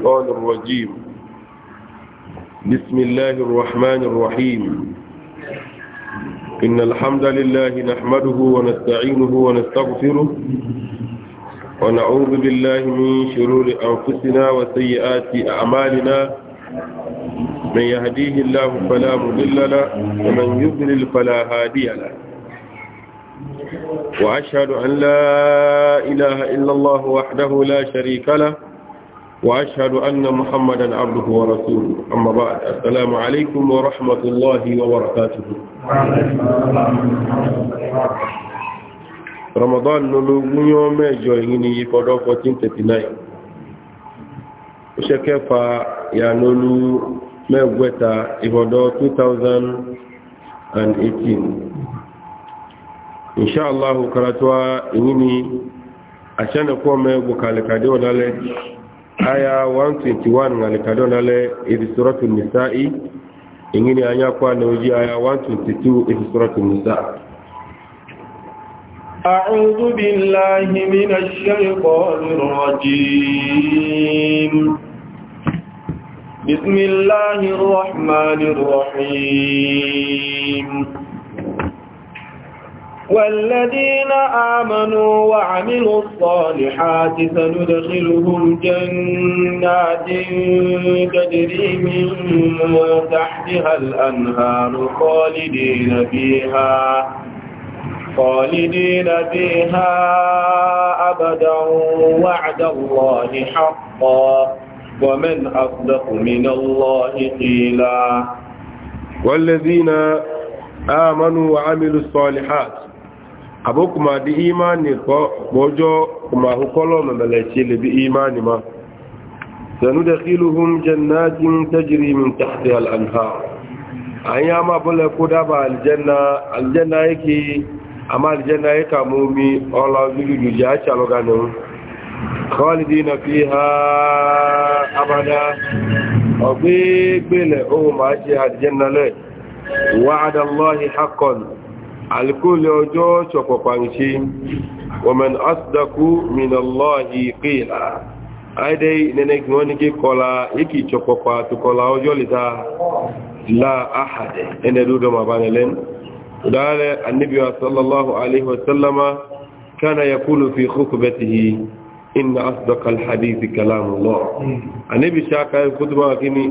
الشيطان الرجيم بسم الله الرحمن الرحيم إن الحمد لله نحمده ونستعينه ونستغفره ونعوذ بالله من شرور أنفسنا وسيئات أعمالنا من يهديه الله فلا مضل له ومن يضلل فلا هادي له وأشهد أن لا إله إلا الله وحده لا شريك له وأشهد أن محمدا عبده ورسوله أما بعد السلام عليكم ورحمة الله وبركاته رمضان نلوغ يوم جوهيني فدو 1439 وشكفا يانولو مغوتا إفدو 2018 إن شاء الله كراتوا إني عشان أقوم بكالكاديو دالك aya 121 ngalikadona le idhi suratu nisa'i ingine anya kwa neuji aya 122 idhi suratu nisa'i أعوذ بالله من الشيطان الرجيم بسم الله الرحمن الرحيم والذين آمنوا وعملوا الصالحات سندخلهم جنات تجري من تحتها الأنهار خالدين فيها خالدين فيها أبدا وعد الله حقا ومن أصدق من الله قيلا والذين آمنوا وعملوا الصالحات abo kuma di imani ko bojo kuma hukolo mamalaice le bi imani ma sanu da khiluhum jannatin tajri min tahtiha al-anhar anya ma bole ko da ba aljanna aljanna yake amma aljanna yake mumi ola juju ja chalo ganu khalidina fiha abada obi gbele o ma alkoli ọjọ́ ṣọpọ̀pàǹṣe wọ́n asìdàkú minallọ́hì kíla aide nẹ́nẹ́ kí wọ́n ní kí kọla ikì ṣọpọ̀pà tó kọla ọjọ́ lita láàáhàdẹ̀ ẹnẹ́ dúdọ mabanilẹ́n dáálẹ̀ annabiwa sallallahu alaihi wasallama kana ya kúlù fi kúkúbẹ̀tìhì inna asìdàkal hadithi kalamu lọ annabi ṣáka kútùbà kí ni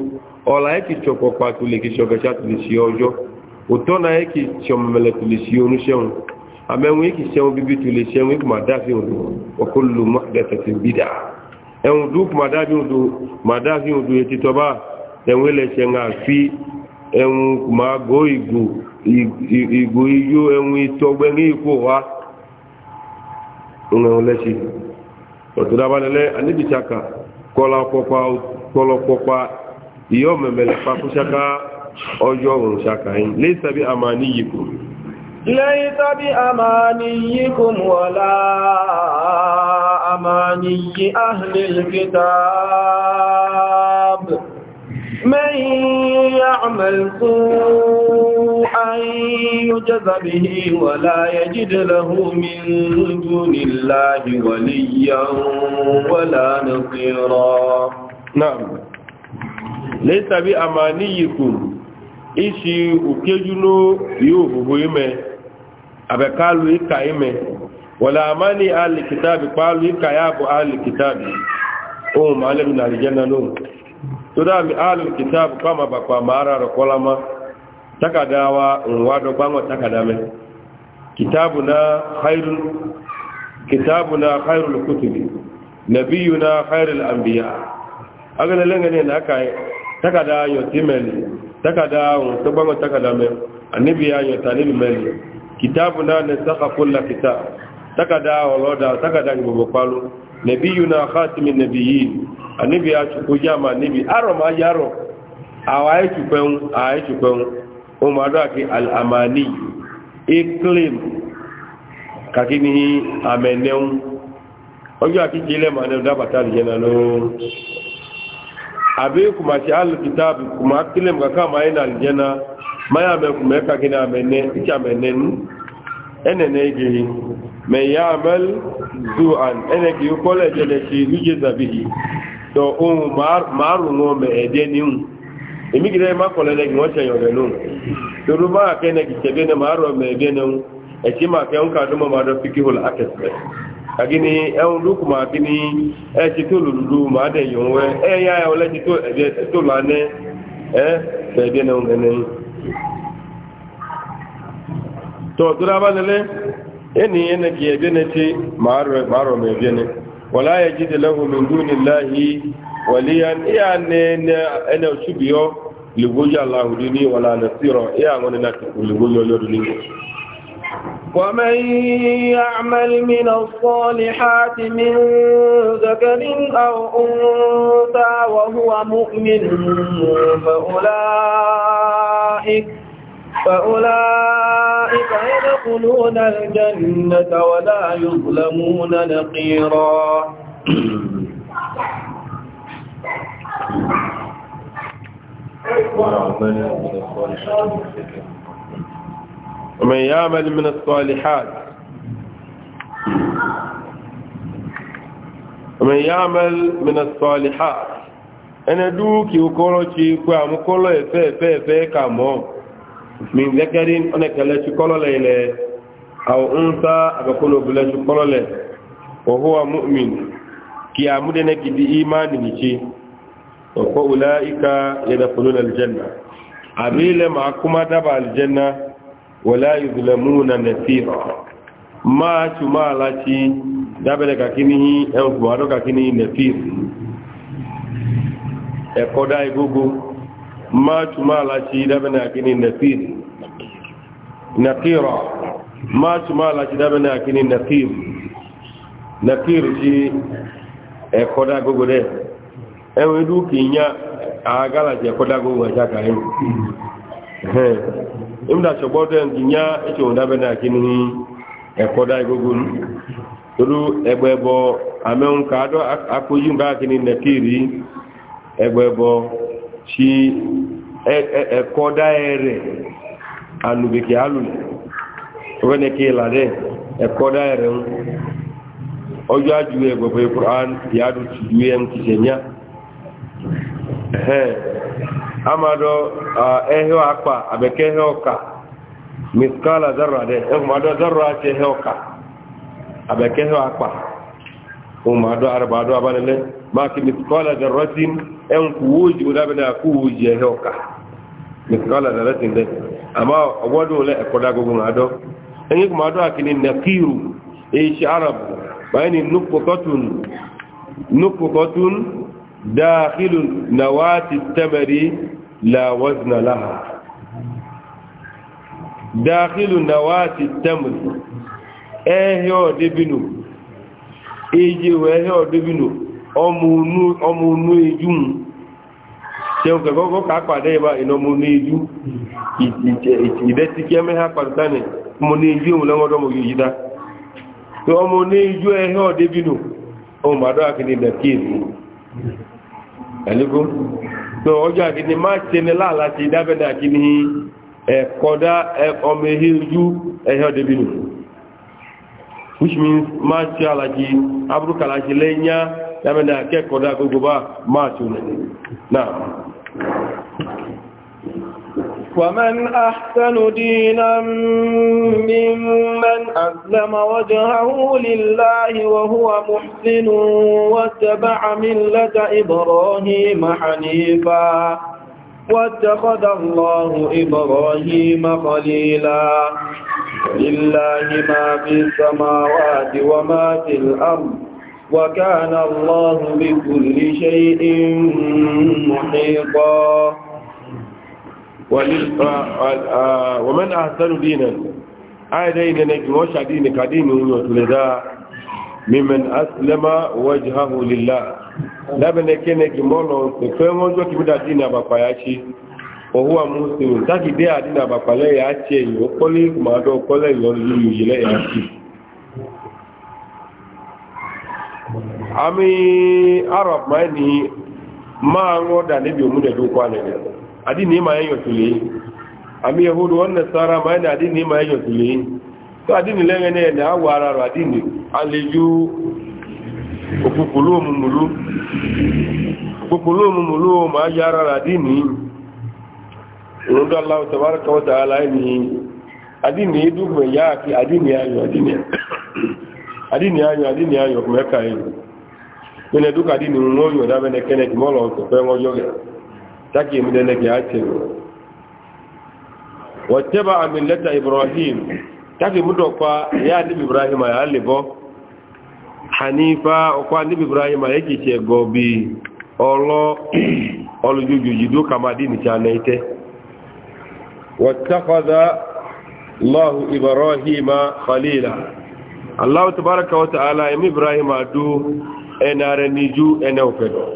ọla ikì ṣọpọ̀pà tó lè kí ṣọkẹṣà tó òtọ́ náà yẹ kì í ṣe ọmọ mẹlẹ tó lè ṣe oní ṣẹ́wọ̀n àmẹ́wọ̀n yẹ kì í ṣẹ́wọ̀n bíbí tó lè ṣẹ́wọ̀n yẹ kì máa dáàfin odò ọkọ̀ ló má dẹ̀tẹ̀ tó bí dà ẹ̀wọ̀n dùn kì máa dáàfin odò máa dáàfin odò yẹ títọ́ bá ẹ̀wọ̀n lè ṣe ńà fi ẹ̀wọ̀n máa gọ́ ìgò ìgò iyó ẹ̀wọ̀n ìtọ́gbẹ́ ní ikú wa ẹ̀wọ̀n lẹ́ṣin ọ̀tọ̀dábalẹ̀lẹ́ pa kúṣaká ọjọ́ òun ṣàkàyìn lẹ́sẹ̀ bí amaniyikum ليس بأمانيكم ولا أماني أهل الكتاب من يعمل سوءا يجز به ولا يجد له من دون الله وليا ولا نصيرا نعم ليس بأمانيكم isi ukejuno yuhuhu ime abekalu ika ime wala amani ahli kitabi kwalu ika yabu ahli kitabi umu malami na aljanna no to ahli kitabi kama ba kwa mara kolama takadawa wado bango takadame kitabuna khairul kitabuna khairul kutubi nabiyuna khairul agana lengane na akai takada timeli takada wọn tó gbọ́nà takada mẹ́ annabi ya yọ talibi mẹ́lì kitabu náà na saka kula kita takada ọlọ́dà takada gbogbo kwalo nabi yi na khatimin yi annabi ya jama annabi arọ ma yarọ awa ya cukwen a ya al'amani iklim kakini ameneun ọjọ́ akíkí ilẹ̀ ma ní ọdá bàtà ìjẹ́nà lóòrùn abe kuma ci al kitabi kuma kilem ka kama ina aljana maya me kuma ka kina amene ichi amenen ene ne gi me yamal zu'an ene gi kole je ne shi yuje zabihi to o um, mar maru no me edeni un emi gire ma kole yore ma ne maru me un e ma ke un ka du ma do fikihul agini ẹun ma agini ẹti tó lòlùlù máa dẹ̀ ya wẹ́ ẹ yá ẹ ọlẹ́ti tó ebe tó lánẹ́ ẹ fẹ̀ẹ́dẹ́ náà nẹ́nẹ́ tó na bá nílẹ̀ ẹni ẹnẹ na í ẹ̀dẹ́ ebe na máa rọ̀ mẹ́ ẹ̀dẹ́ náà ya ومن يعمل من الصالحات من ذكر أو أنثى وهو مؤمن فأولئك فأولئك يدخلون الجنة ولا يظلمون نقيرا ومن من الصالحات من ذكر ومن يعمل من الصالحات ومن يعمل من الصالحات أنا دوكي وكولوشي كوام كولو يفي في في كامو من ذكرين أنا كلاش كولو ليلة أو أنثى أبكون بلاش كولو ليلة وهو مؤمن كي أمودنا كي بإيمان نشي وقولائك يدخلون الجنة عميل معكما دبع الجنة wala yuzlamuna nasira ma chuma lati dabere kakini en kuwado kakini nefir e koda igugu ma chuma lati dabere kakini nefir nakira ma chuma lati dabere kakini nakir nakir ji e koda gugu de e wedu kinya agala je imda chọgbọdọ nginya eche ondabe na kini ekoda igogun turu egbebo ameun ka do akoyun ba kini nekiri egbebo chi ekoda e, ere anubike alu wene ke lade ekoda ere ojo aju egbebo qur'an ya du ju em kisenya eh amado ehe akpa abeke ehe ọka miskala zarra de ehumado zarra ce ehe ọka abeke ehe akpa umado arbado abanele maki miskala zarratin en kuwuji mudabina kuwuji ehe ọka miskala zarratin de ama ọgbọdọ ole ẹkọda gogo mado enyi kumado akini nakiru eishi arabu bayani nukukotun nukukotun dakhilun nawati tamari لا وزن لها داخل نواة التمر ايهو دبنو ايجي ويهو دبنو ọmọnú ijú ṣeun kẹgọ́gọ́ kápàdé ìbá iná mọ́ ní ijú ìdẹ́ ti kí ẹmẹ́ àpàdé ní mọ́ ní ijú òun lọ́wọ́dọ́ mọ́ yóò yídá tí ọmọ ní ijú ẹ̀hẹ́ ọ̀débìnú ọmọ àdọ́ àkíní ìdẹ̀kí èdè so ọjọ́ àkíní má ṣe ní láàlá ti dábẹ́dẹ́ àkíní ẹ̀kọ́dá ọmọ ehi which means má ṣe àlàjì abúrúkàlàjì lẹ́yìn dábẹ́dẹ́ akẹ́kọ̀ọ́dá gbogbo bá má ṣe ومن أحسن دينا ممن أسلم وجهه لله وهو محسن واتبع ملة إبراهيم حنيفا واتخذ الله إبراهيم خليلا لله ما في السماوات وما في الأرض وكان الله بكل شيء محيطا ومن أحسن دينا آية دينا نجوش دين كدين وتلدا ممن أسلم وجهه لله لابن كنا كمولو كفهم وجو كمدا دين بقاياشي وهو مسلم تاكي دي دين بقاياشي وقولي ما دو قولي يولي يلي ياشي أمي arab máa ní máa ń wọ́dà níbi òmúdẹ̀dókọ́ àlẹ́gbẹ̀ẹ́ adi ni ma yanyo tule ami yahudu wannan sara ma yana adi ni ma yanyo tule to adi ni lẹ́yìn náà ni awọ ara rọ adi ni aleju òkùnkùnlú mumulu, òkùnkùnlú mumulu ma yá ara adi ni ìrúndọ́ aláwọ̀ tàbára kọwọ́ tààlà ni adi ni dúgbẹ̀ yá àti adi ni ayọ̀ adi ni ayọ̀ adi ni ayọ̀ kùmẹ́ka yìí nínú ẹ̀dúkà adi ni wọ́n yọ̀ dábẹ́nẹ́kẹ́nẹ́ kìmọ́lọ̀ ọ̀tọ̀ fẹ́ wọ́n yọ̀ gẹ̀ẹ́ take mu da nake yace wattaba millata ibrahim take mu dokwa ya nabi ibrahim ya libo hanifa okwa nabi ibrahim yake ce gobi olo olujuju jidu kama dini chana ite wattakhadha allah ibrahim khalila allah tabaaraka wa ta'ala ibrahim adu enare niju ene ofedo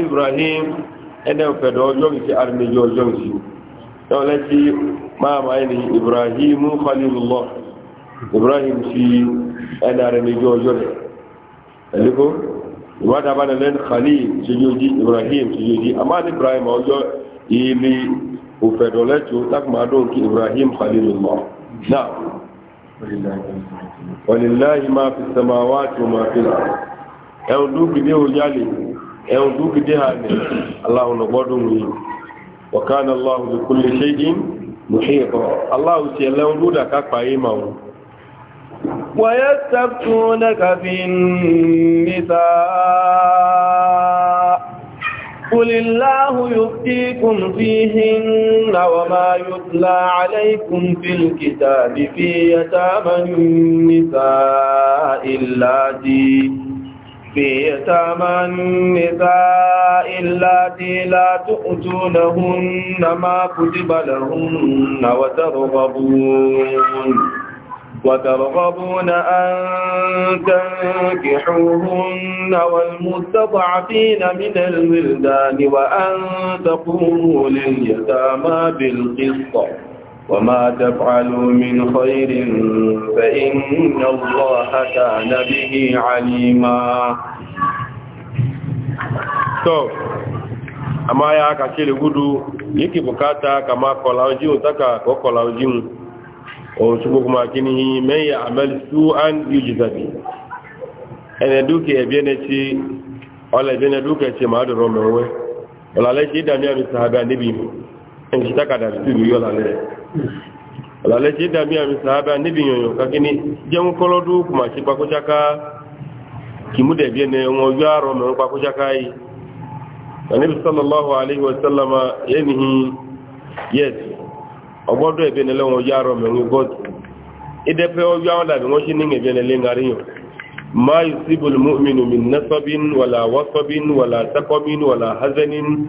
ibrahim ene opedo yongi ci arme yo yongi do la ci mama ayni ibrahim khalilullah ibrahim ci ene arme yo yongi eliko wada bana len khalil ci yoji ibrahim ci yoji ama ibrahim o yo ili opedo la ci tak ma do ki ibrahim khalilullah na ولله ما في السماوات وما في الارض ẹ ò dúkìá ní òjálè ẹ̀hùn dúkì dé ha ní aláhùn lọ́gbọ́dún yìí wọ̀kánà aláhùn lè kúlè ṣe yìí mùsíkọ̀ aláhùn ti ẹlẹ́hùn lúdà kápá yìí máa wọn. ويستفتونك في النساء قل الله يفتيكم فيهن وما يتلى عليكم في الكتاب في يتامى النساء اللاتي بئس النساء اللاتي لا تؤتونهن ما كتب لهن وترغبون وترغبون أن تنكحوهن والمستضعفين من الولدان وأن تقوموا لليتامى بالقسط وما تفعلوا من خير فإن الله كان به عليما so ama ya aka kele gudu yake bukata kama kolauji utaka ko kolauji o subu kuma kini mai ya amal su'an yujzabi ene duke ebene ci ola ebene duke ci ma do romewe ola le ci da mi abi sahaba nibi en ci taka da tubi yola le alale ce da biya misaba bi bin yoyo ka kini jen kolodu kuma shi ba kuchaka kimu da biye ne mo yaro mo ba kuchaka yi anabi ọ o yo ma yusibul mu'minu min nasabin wala wasabin wala taqamin wala hazanin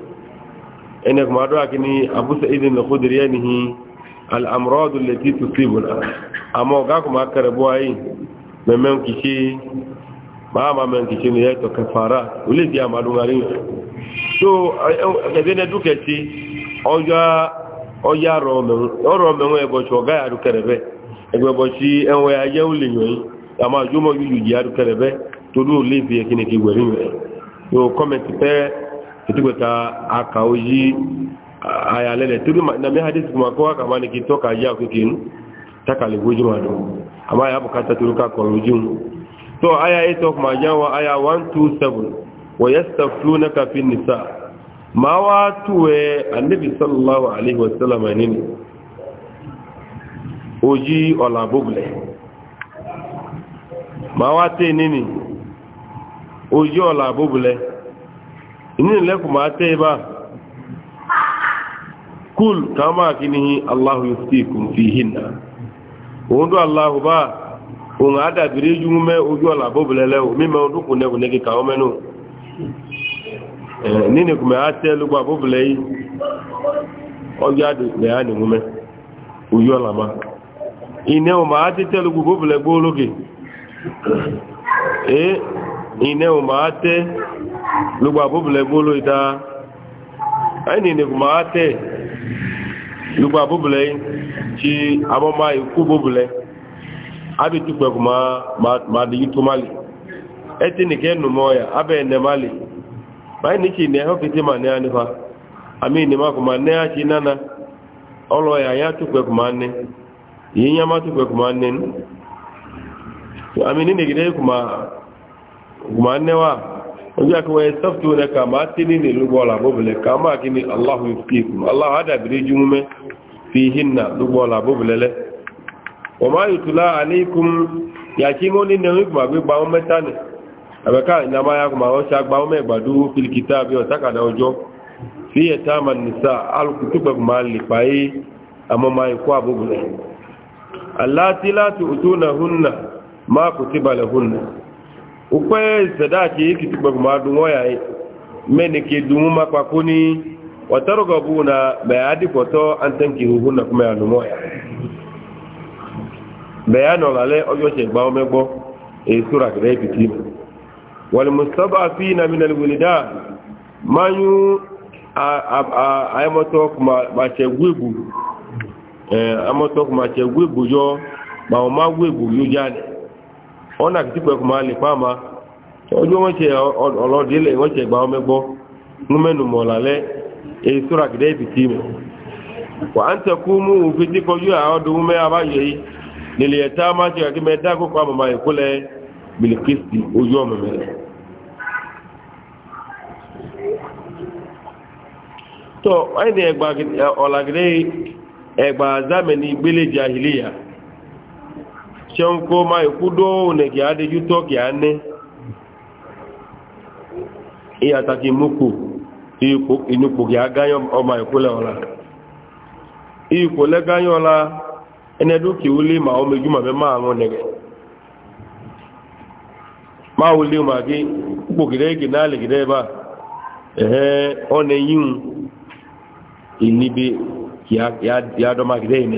ẹni kuma adọ́ akini abúsa idin na kudur yẹni hi al'amuradu lati tusibuna amma ọgá kuma a ayi mẹ́mẹ́n kìí máa ma mẹ́rin kìí ní ẹ̀tọ̀ kẹfàárà olè di àmàlùmarí rẹ̀ ya ẹgbẹ́nẹ́ dúkẹ́ tí ọjá ọrọ̀ mẹ́rin ẹgbọ̀ṣọ́ ọgá àdúkẹrẹ̀bẹ́ ẹgbẹ̀bọ̀ṣí ẹwẹ́ ayé olè yọ̀nyí àmà àjọmọ̀ yíyù jì àdúkẹrẹ̀bẹ́ tó kitukweta akauji ayalele turi na mi hadisi kuma kowa kama ni kitoka ya kukin takali hujuma do amma ya bukata turuka kwa hujum to aya ito kuma jawa aya 127 wa yastaftunaka fi nisa ma watuwe eh, annabi sallallahu alaihi wasallam nini oji ola bugle ma wate nini oji ola bugle inin lekum ate ba kul kama kinihi allahu kun fi wondu allahu ba on ada bire jume oju ala boblele o ala me ondu kunne kunne ki ka omenu eh nini kuma ate lu gba boblele yi oju adu le ala ma ine ma ate telu gbo gbo loge eh ine o ma ate lugba bubule bolo ita aini ne kuma ate lugba bubule ci amoma iku bubule abi tukpe kuma ma di yutu mali eti ni kenu moya abe ene mali bai ni ci ne hokiti ma ne anifa ami ni ma kuma ne achi nana olo ya ya tukpe kuma ne yi ya ma tukpe kuma ne ami ni ne gide kuma kuma ne wa ojú àkọwẹ́ sọ́fìtì wọn ká máa tí ní nílùú bọ́ọ̀lá bóbulẹ̀ ká máa kí ni aláhùn ìpíkù aláhùn adàbìrí jùmúmẹ́ fi hinna lúgbọ́ọ̀lá bóbulẹ̀lẹ́ wọ́n máa yùtùlá àlékún yàtí wọ́n ní nẹ̀rún ìgbà gbígba wọn mẹ́ta nì àbẹ̀ká ìnàmáyà kùmà wọ́n ṣe agbá wọn mẹ́gbàdú filikita bí ọ̀tákàdá ọjọ́ fi ẹ̀ta mà nìsa ukwe sadaki hiki kibaguma dungo ya mene ke dumuma kwa kuni watarogabuna bayadi koto antanki huhunna kuma ya dungo ya bayano lale ojo se gba o megbo e sura gre piti wal mustadafina min al wilidan mayu aimoto kuma ba se gwebu eh amoto kuma se gwebu yo ba o ma gwebu yo jani ọ̀nà àti típẹ́ kò máa lè pa àmà ọjọ́ wọ́n ṣe ọlọ́dẹ́lẹ̀ wọ́n ṣe gba ọmọ ẹgbọ́ númẹ́nu mọ̀lálẹ́ èyí sọ́ra gẹ́gẹ́ ìbìtì mọ̀ wà á ń tẹ̀kú mú òfin tí kọjú àọ́dún mẹ́ abáyọ yìí nílé ẹ̀ta máa ṣe kàkí mẹ́ dá kókó àmọ̀mọ̀ ìkólẹ̀ bìlìkìsì ojú ọmọ mẹ́rẹ̀ tọ́ ẹni ẹgbà ọ̀làgẹ́dẹ́ ẹgbà zámẹ́ni gbélé jahiliya shenko ma ikudo ne gi ade yuto gi ane taki muku ipo inupo gi agayo o ma ikule ola ipo le gayo ola ene do ki uli ma o mejuma me ma anwo nege ma uli ma gi upo gire gi na le gire ba eh one yun inibi ya ya ya do ma gire ne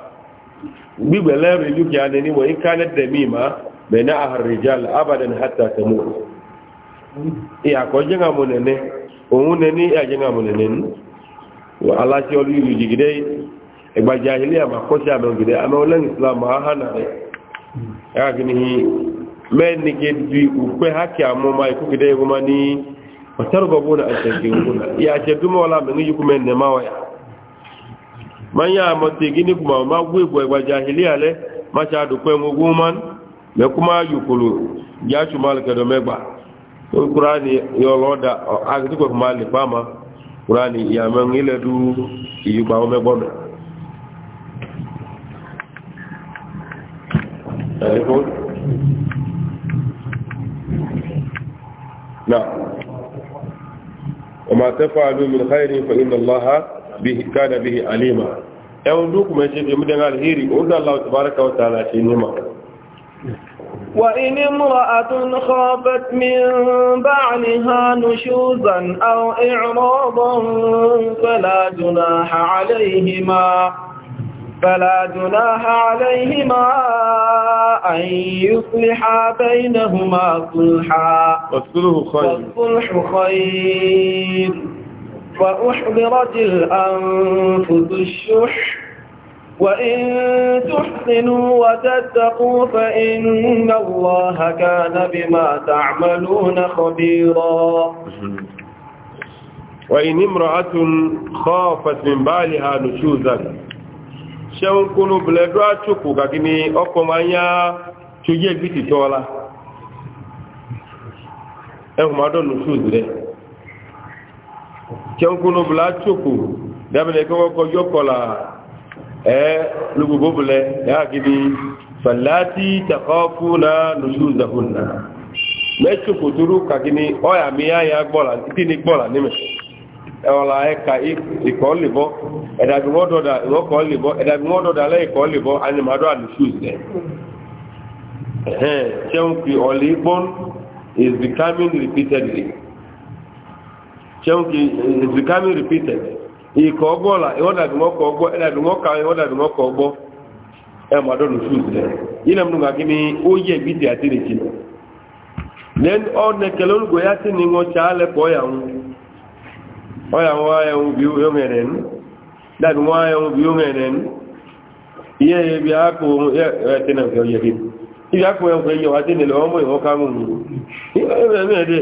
gbígbẹ̀ lẹ́rìn lúkì á ní wọ́n ká lẹ́tẹ̀ mí ma bẹ̀ẹ́nà àhàrìjàl abadan hata tẹ̀mú ìyàkọ́ jẹ́ngà mọ̀ nẹ̀nẹ́ òun nẹ̀ní ìyàjẹ́ngà mọ̀ nẹ̀nẹ́ ní aláṣẹ olú ìlú jìgídẹ́ ìgbàjá ilé àmà kọ́ṣẹ́ àmẹ́gìdẹ́ àmà olóyìn islam ahánà rẹ̀ ma manya mote gini kuma ma gwegwe gwa jahilia le macha dukwe muguman me kuma yukulu ya chumal kedo megba to qur'ani yoloda agitiko kuma le pama qur'ani ya mangile du iyuba o megbodo na وما تفعلوا من خير فإن الله به كان به عليما يوندوك ما يشيك يمدن الهيري وإذا الله تبارك وتعالى شينما وإن امرأة خافت من بعلها نشوزا أو إعراضا فلا جناح عليهما فلا جناح عليهما أن يصلحا بينهما صلحا والصلح خير والصلح خير فأحضرت الأنفس الشح وإن تحسنوا وتتقوا فإن الله كان بما تعملون خبيرا وإن امرأة خافت من بالها نشوزا ṣẹun kúrò bẹ̀lẹ̀dọ́ àtúkù kàkí ni ọkọ̀ ma ń yá ṣojú ẹgbìtì tọ́ọ́lá kẹ́ńkúnú bla tsoko dábìlẹ̀ kí wọ́n kọ yọkọ̀la ẹ lóbogbo bilẹ̀ yáa kìíní fàlàtì takọ́fù náà lùsù zàkùn náà mẹ́tsoko turu kàkíní ọ̀yà mi yá ya gbọ́la títí ní gbọ́la nímẹ̀ ẹ̀wọ̀la ẹ̀ka ìkọ́ lìbọ́ ẹ̀dàbí wọ́n dọ̀dà ìwọ́kọ̀ lìbọ́ ẹ̀dàbí wọ́n dọ̀dà alẹ́ ìkọ́ lìbọ́ animadọ́ àlùsù is becoming repeatedly chenki is becoming repeated ikọ̀ ọgbọ́ la ìwọ́dàdùmọ́kọ̀ ọgbọ́ ẹ̀dàdùmọ́kà ìwọ́dàdùmọ́kọ̀ ọgbọ́ ẹ̀ mọ̀dọ́nù shoes rẹ̀ yìí nà múnú kí ni ó yẹ gbìtì àti rèjì nà then ọ̀nà kẹlẹ́ olùgbò yá sí ni wọ́n ṣá lẹ́pọ̀ ọ̀yàwó ọ̀yàwó ayẹwo bí ó ń rẹ̀ nù dàdùmọ́ ayẹwo bí ó ń rẹ̀ nù ìyẹ́ ibi àkó ẹ̀ẹ́tẹ̀nà ọ̀yẹ̀kẹ́ ibi àkó ẹ̀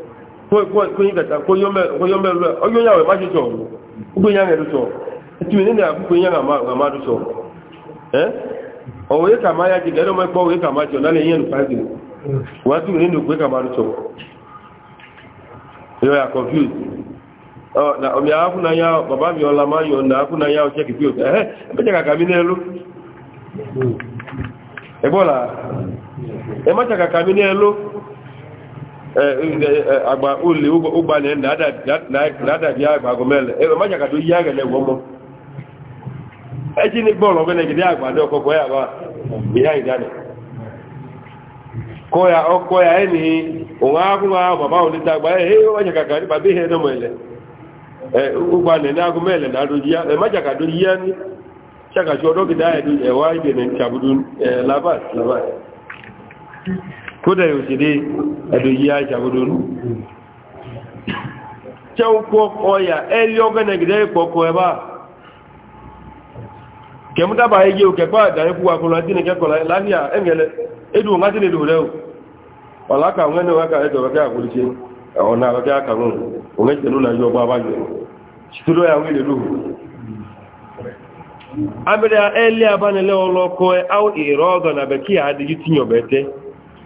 kóyin kata kóyin bɛ lɔ ɔyɔ ya wɛ ma ti sɔ o gbɛ yaŋɛ do sɔ tumi ne na gbɛ yaŋɛ ma ma do sɔ ɛ ɔwɔ ye kama ya jigin ɛdɔ ma gbɔ ɔwɔ ye kama sɔ n'ale yɛn nufa jigin wa tumi ne do gbɛ kama do sɔ yɔ ya confuse ɔ na ɔmi a kuna ya baba mi ɔla ma yɔ na a kuna ya ɔsɛ kipi o ɛhɛ ɛbɛ tɛ ka kami n'ɛlu ɛgbɔ la ɛma tɛ ka kami n'ɛlu. Eh, eh, eh, agba ole ụgba na na-adabi agba gomele ebe maja kado ihe aga na-egwo mọ eji ni bọọlụ ọgbẹni gidi agba dị ọkọkọ ya agba ihe idani kọ ya ọkọ ya ẹni òun agụnwa bàbá òun ta agba ẹ ẹ maja kaka ní bàbá ihe ẹdọmọ ẹlẹ ụgba na ẹni agụmọ ẹlẹ na adoji ya ẹ maja kado ihe ni chakachi ọdọ gidi ahụ ẹwa ibe na nchabudu labas labas kódà yóò ṣe dé ẹ̀dọ̀ yí àìṣà gbogbo nù ṣe ó kọ́ ọ̀yà ẹlí ọgọ́nà gẹ̀dẹ́ ìpọ̀kọ̀ ẹbá kẹmútàbà ẹgbẹ́ òkẹ̀kọ́ àdáyẹ́kú akọlọ àti nìkẹ́kọ̀ láníà ẹ̀ngẹ̀lẹ́ ẹdùn láti lè lò rẹ̀ ọ̀láka òun ẹni wákà ọ̀nà àkàrùn òun ẹ̀jẹ̀ ló ọgbà abẹ́rẹ́ abánilẹ́ ọlọ́kọ́ ẹ̀ áwọ̀ ìrọ̀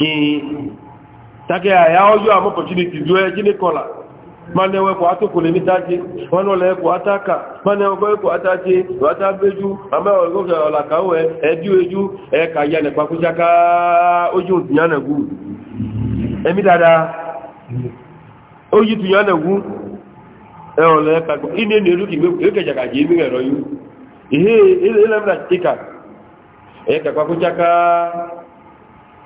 ee take a ya amụpụ àmọ́ opportunity ju ẹjílé kọlá ma ní ẹwẹ́ kò átòkò lè nítají wọ́n ní ma ní ọgbọ́ kò átájí látá ọla ka ọ̀làkàwọ̀ ẹ̀dí ojú ẹ̀ka ya nẹ̀pà kú jáká ojú tìyànẹ̀gú ẹ̀mí dáadáa ojú tìyànẹ̀gú ẹ̀ọ̀lẹ́ ihe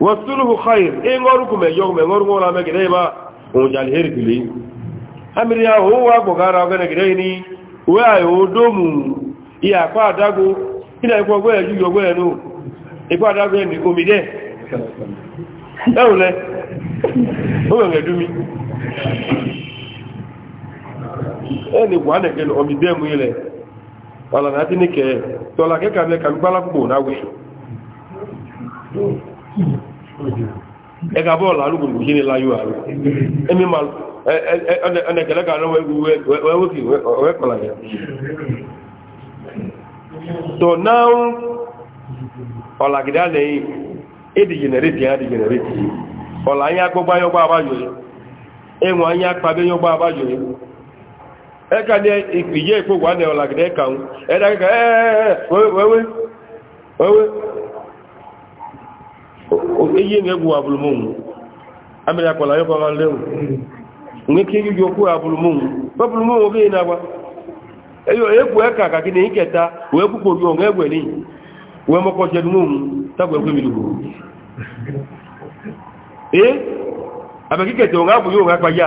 wasuluhu khair e ngoru kume yo kume ngoru ngola me gide ba o jal heri kili amiri ya ho wa bogara ogene ni we ayo iya kwa adago ina gwe ju yo e adago ni omi de dawo e, o nge dumi eni kwa ne ke omi de mu ile wala na tinike tola ke na we ẹ̀ka bọ́ọ̀lù alùgbùgbù yìí ni láyé àrù ẹ̀mí ma ka kan náà wẹ́wọ́kì wẹ́pàlà yẹn tó náà ọ̀làgídá lẹ́yìn èdè jẹnẹrétì ọ̀là yẹn eye ŋe gu abulumu ŋu amina kɔla yɔ kɔma lɛ ŋu ŋe ke yi yɔ ku abulumu ŋu babulumu ŋu ke yina wa eyo eku ɛka kaki ne yi kɛta o eku ko yɔ ŋe wɛ ni o ɛmɛ kɔtsɛ dumu ŋu tabu ɛku mi dugu ee abɛ kikɛtɛ o ŋa bu yɔ o ŋa kpadza.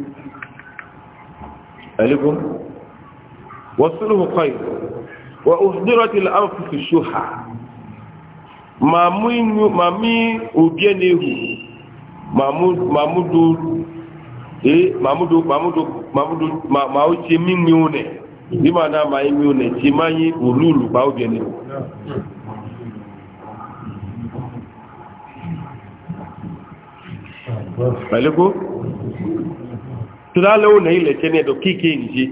ẹ̀lẹ́gùn wọ́n sínú kọ́ yìí wọ́n òṣìṣẹ́ ti lọ́wọ́ fífi ṣóhà màmí òbí ẹni hù màmúdo ee màmúdo màmúdo màmúdo màá ṣe mímí ònẹ̀ bí màá náà màá mímí ònẹ̀ ṣe máa yí òlúùlù pa òbí ẹni hù. ẹ̀lẹ́gùn. tulalewo na ilẹ̀kẹ́ ní ẹ̀dọ̀ kíkè nìṣe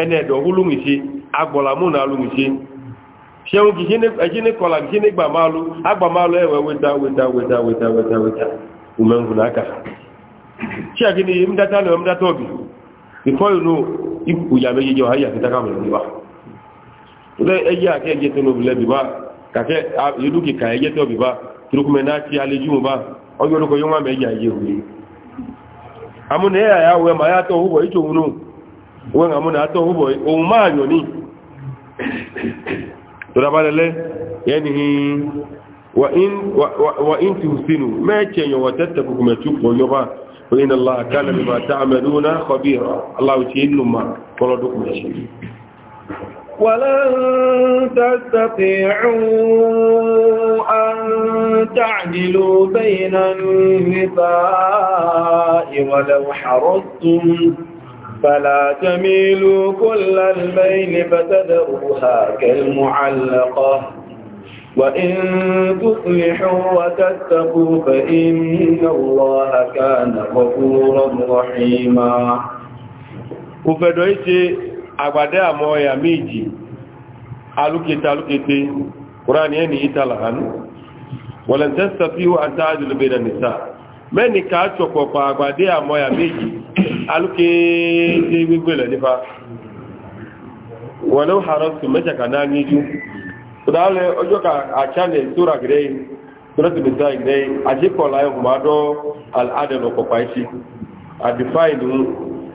ẹni ẹ̀dọ̀ húlùmìṣe agbọ̀làmú na alùmìṣe ṣẹun kìí ní kọlà kìí ní gbàmálu agbàmálu ẹ̀wẹ̀ weta weta weta weta weta. wẹta umengun aka ṣe àkíní mdata ni mdata ọbì before you know ipò ìyàmẹ́ yíyẹ ọ̀há yà fìtá kàmù níwá ilé ẹyẹ àkẹ́ ẹjẹ tó nobilẹ̀ a, kàkẹ́ ìlú kìkà ẹjẹ tó bìbá turukumẹ̀ amúnà ẹ̀yà ya wẹ́ ma yàtọ̀ òhúbọ̀ ìtò òun náà wọ́n amúnà àtọ̀ òhúbọ̀ òun máa yọ̀ ní tọ́lábálẹ́lẹ́ yẹni wà ń ti hùsínú mẹ́ẹ̀kẹ́ yọ̀wọ̀ tẹ́tẹ̀ kùkù mẹ́tù pọ̀ yọba oyin allah kánà bí ma ta àmẹ́lú náà kọbí ولن تستطيعوا أن تعدلوا بين النساء ولو حرصتم فلا تميلوا كل الميل فتذروها كالمعلقة وإن تصلحوا وتتقوا فإن الله كان غفورا رحيما وفدعيتي agbade àmọ́ ọ̀yà méjì alúkété alúkété kúránì ẹni ìtàlà hàn wọ̀lẹ̀ tẹ́sítà fi hù àti àjùlọ bẹ̀rẹ̀ nìta mẹ́ni ká tsọ̀kọ̀ pa agbade àmọ́ ọ̀yà méjì alúkété gbégbé lẹ̀ nípa wọ̀lẹ̀ harọ́sù mẹ́jà kà náà níjú kúrálẹ̀ ọjọ́ ká àtsánẹ̀ sóra gẹ̀rẹ́ yìí sóra tìmí sóra gẹ̀rẹ́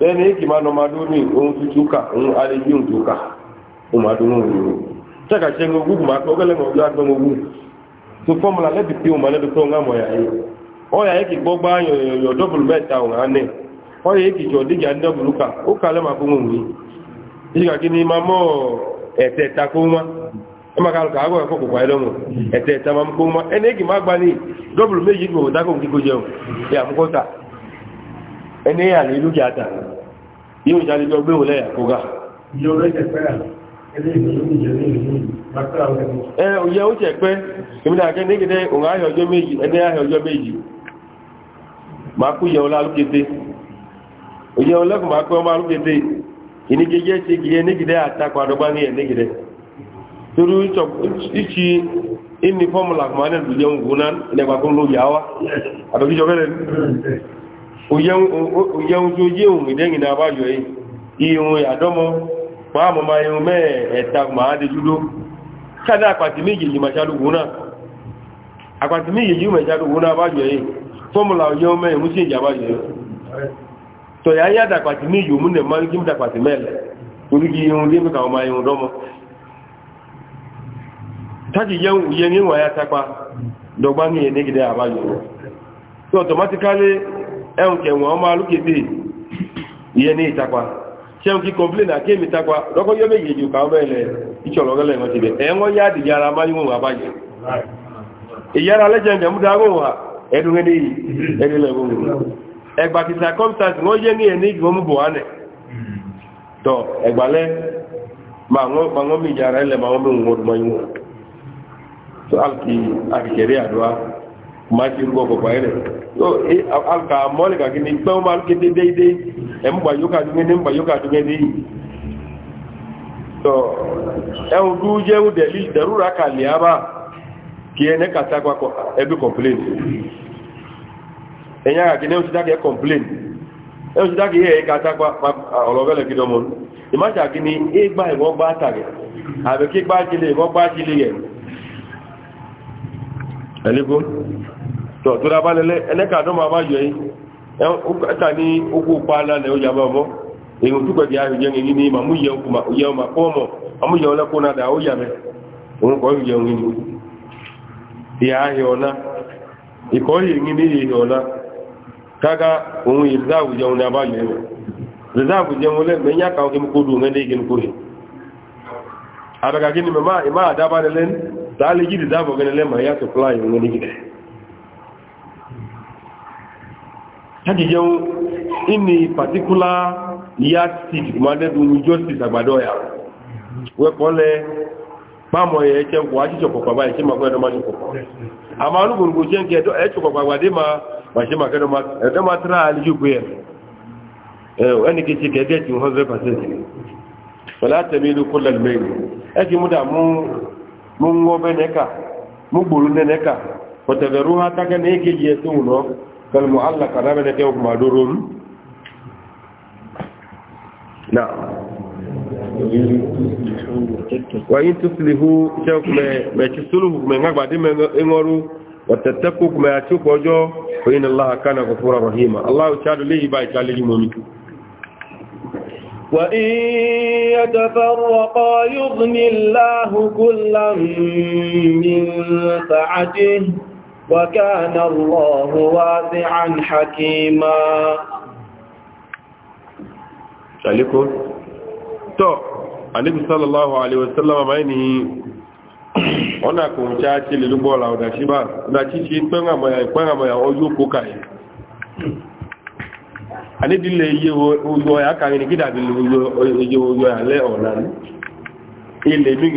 ẹni kì máa nọ máa dó ohun tuntun kà ohun alẹ́bí ohun tó kà ó máa dó ohun yòó ṣẹ́ka ṣe ń gbogbo máa tọ́ ọgọ́lẹ́mọ̀ ọjọ́ agbọ́n ogun tó fọ́mùlà lẹ́bi pé òun alẹ́bi tó ń gàmọ̀ yà yìí ọ̀yà yìí kì gbọ́ gbá yọ̀ dọ́bùlù mẹ́ta ọ̀yà yìí kì jọ ẹni yà ní ìlú jàdà yóò jáde lọ gbé òlẹ́yà kó gá ẹ òyẹ ó jẹ́ pẹ́ meji, àkẹ́ nígbẹ̀ẹ́ òun ayọ̀ ọjọ́ méjì ẹni ayọ̀ ọjọ́ méjì máa kú yẹ ọlá lókété òyẹ ọlẹ́kùn máa pẹ́ ọmọ lókété ìníkẹjẹ́ ṣe kìí nígbẹ̀ẹ́ àtakọ̀ àdọ́gbá ní ẹ̀ nígbẹ̀ẹ́ torí ìṣì ìní fọ́mùlà kùmánẹ̀ lùjẹun gùn òyẹun tó yé òun ìdẹ́yìn náà báyọ̀ yìí ìhun àdọ́mọ́ máa mọ̀ máa ihun mẹ́ẹ̀ ẹ̀ta máa dé dúdó ṣáàdá àpàtì méjèèjì màṣálùkún náà àpàtì méjèèjì màṣálùkún náà báyọ̀ yìí fọ́mùlà òyẹun mẹ́ẹ̀ mú sí ìjà báyọ̀ yìí tọ̀yà yá dàpàtì méjì òun nẹ̀ máa ń gímù dàpàtì mẹ́lẹ̀ torí kí ihun dé mẹ́ka ọmọ ihun dọ́mọ́ tájì yẹun ìwọ̀n ya e e e. so automatically ẹ̀hùn kẹwọ̀n ọmọ alúkèbè ìyẹn ní ìtakwa ṣẹ́hùn kí kọ̀m̀plẹ̀nà kí èmi takwa lọ́kọ́ yọ́ méjì èjì kàwọn ẹ̀lẹ̀ ìṣọ̀lọ́gẹ́lẹ̀ ẹ̀wọ̀n ti bẹ̀ ẹ̀wọ̀n yá àdìyà ara máa yíwọ̀n àbájẹ́ ìyára lẹ́jẹ̀ ẹ̀múdágún ma ti rúgbọ́ pọ̀pọ̀ ẹ̀rẹ̀ Eh, alka mɔli ka pe gbɛn ma ke dedeede ɛmu gba yoka dunge ne ka e du e ka liaba kie ne ka taa kɔ ɛbi kɔmplen ɛnya ka kini ɛmu si ta kɛ kɔmplen ɛmu e si ta kɛ yɛ ka taa kɔ ɔlɔbɛ lɛ kidɔmɔ ìmáṣe àkíní égbà ìwọ́n gbá tàgẹ̀ gba gbá jílé gba tọ̀ tó dábá lẹ́lẹ́ ẹlẹ́kàdọ́ máa bá yọ yìí ẹ̀ka ní okó pàálà lẹ́ ọjà bá ọmọ èèyàn tó pẹ̀lú ayò jẹun ní màmú yẹ ọmọ kọ́ ọmọ àmú yẹ ọlẹ́kọ́ náà dà ó yà mẹ́ òun kọ́ yẹ òun ní ìyá ahì ọ̀nà ìkọ́ yẹ ní ní ìhì ọ̀nà kága òun ìrìsáàbù jẹun ní abáyọ ẹ̀mọ́ ìrìsáàbù jẹun lẹ́gbẹ̀ẹ́ yá kàwọn kí n kó dùn ẹ̀ ní kó yẹ àdàkà kí ni mẹ́mà ìmáà dábá lẹ́lẹ́ tàá lè jí ìrìsáàbù ọ̀gẹ́lẹ́lẹ́ màá yá sọ̀pláì òun ní gidẹ̀ hajjije inni particular yardstick madedun justice ya wepole pamo ye eche ko ajijo popa ba eche magwe do ma jo popa ama nu gurgu chen ke do eche popa gbade ma ma se ma ke do ma do ma tra ali ju gbe eh eni ke ti ke get 100% wala tamilu kull al mayl eki muda mu mu ngobe neka mu gburu neka ko te كالمعلقة نعمل تيوك معدورون لا نعم. وإن تسلهوا تيوك ما ما تسلوه ما نقبع دي ما وتتقوك ما يتوك وجو فإن الله كان غفورا رحيما الله تعالى ليه باي تعالى لي وإن يتفرقا يغني الله كلا من سعته وكان الله واسعا حكيما ṣàlékún tọ́ alìbí sallallahu alaihi wasallama mai ni ọ̀nà kò ń ṣáá ṣe lè lúgbọ́ ọ̀la ọ̀dà ṣíbà ọ̀dà ṣíṣe pẹ́rànmọ̀yà ìpẹ́rànmọ̀yà ọjọ́ kó kàí anídílé iye ojú ọ̀yà kàrí ní kídàbí iye ojú ọ̀yà lẹ́ ọ̀nà ilẹ̀ mí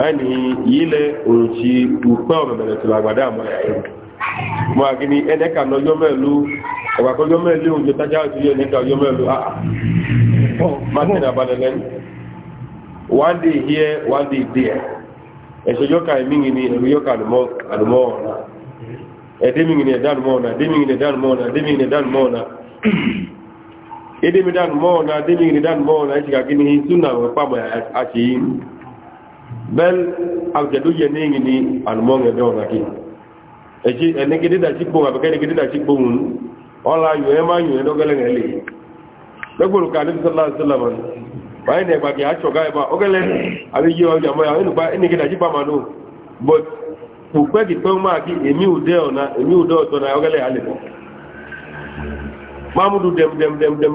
báyìí yìí lẹ òun ti pẹ́ ọ̀rọ̀ bẹ̀rẹ̀ tó àgbàdo àmọ́ ẹ̀yà mo àgbẹ̀ ni ẹnẹ́ka lọ yọ mẹ́lú ẹ̀wà kọjọ mẹ́lú oúnjẹ tájá òtí yọ ẹnẹ́ka yọ mẹ́lú àà ah, ah. martin abalẹ̀lẹ́ one day here one day there ẹ̀ṣẹ̀ yọkà ìmíyìn ni ẹ̀rù yọkà àlùmọ́ ọ̀nà ẹ̀dẹ́mìyìn ni ẹ̀dá àlùmọ́ ọ̀nà ẹ̀dẹ́mìyìn ni ẹ̀dá àlùmọ́ ọ̀nà ẹ̀dẹ́mìyìn ni ẹ̀dá àlùmọ́ ọ̀nà ẹ̀dẹ́mìyìn ni ẹ̀dá àlùmọ́ ọ̀nà ẹ̀dẹ́mìyìn ni ẹ̀dá àlùmọ́ ọ̀nà ẹ̀ṣẹ̀ kàkí sunna pàmò àti yìí bel awjadu yenengi ni almonge do naki eji enegi dida chikpo ngabe kene dida chikpo mun gele ngeli ka nabi sallallahu alaihi wasallam bai ne ba ki acho ga ba ogele abi yo ja mo ya enu ba ma do but pupe ki pe ma ki emi ude ona na ale ko mamudu dem dem dem dem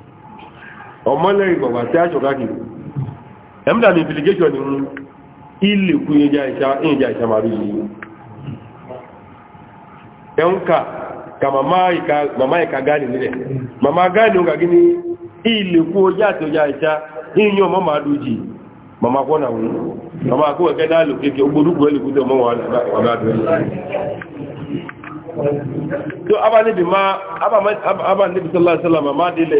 ọmọlẹ́rìn gbọ̀gbà tí a ṣọ̀ká kìí ẹ̀mdà ní ìfìlìgéṣọ̀ ni mú ilé kú ìjà ìṣàmàrí yìí ẹ̀ǹkà ka mama ìka gáàlì nílẹ̀ màmá gáàlì ń gàgí ní ilé kú ọjá àti ọjá ìṣà yíyan ọmọ máa dú jì màmá kọ́nà wọn màmá kó ẹ̀kẹ́ dáàlù kéèké ogbodúgbò ẹ̀lẹ́kú tó mọ́ wọn àbá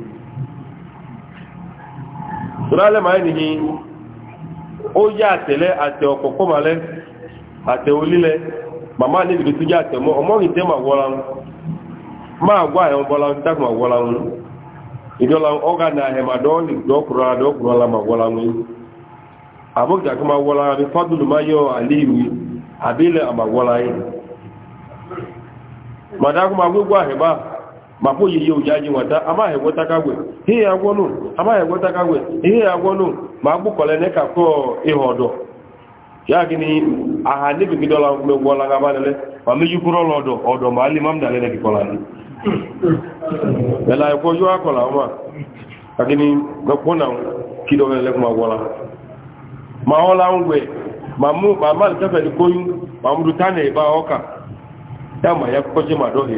tọ́lá lẹ́ máa nìyí ó yá àtẹ̀lẹ́ àtẹ̀ ọ̀pọ̀pọ̀ malẹ́ àtẹ̀ ma màmá níbi tó yá àtẹ̀ mọ́ ọmọ yìí tẹ́ ma wọ́la ń máa gbọ́ àyẹ̀wò bọ́la ń dákùn máa wọ́la ń ìjọla na àhẹ̀mà dọ́ọ̀lì dọ́kùrọ̀ dọ́kùrọ̀ la máa wọ́la ma àbókìtà kí máa wọ́la àbí fọ́dúlù ma yọ àlíyù àbílẹ̀ àmà maka oyiyi ụja ji nweta amaghị egwetagagwe ihe ya gwọnụ amaghị egwetagagwe ihe ya ma agbụkọlene ka kụọ ihe ọdọ ya gịnị aha ndị bigidola mgbe ma mejukwuru ọdọ ma ma m ka ma gwọla ma ọla ngwe ma ma na ọka ya ma ya ma dọghị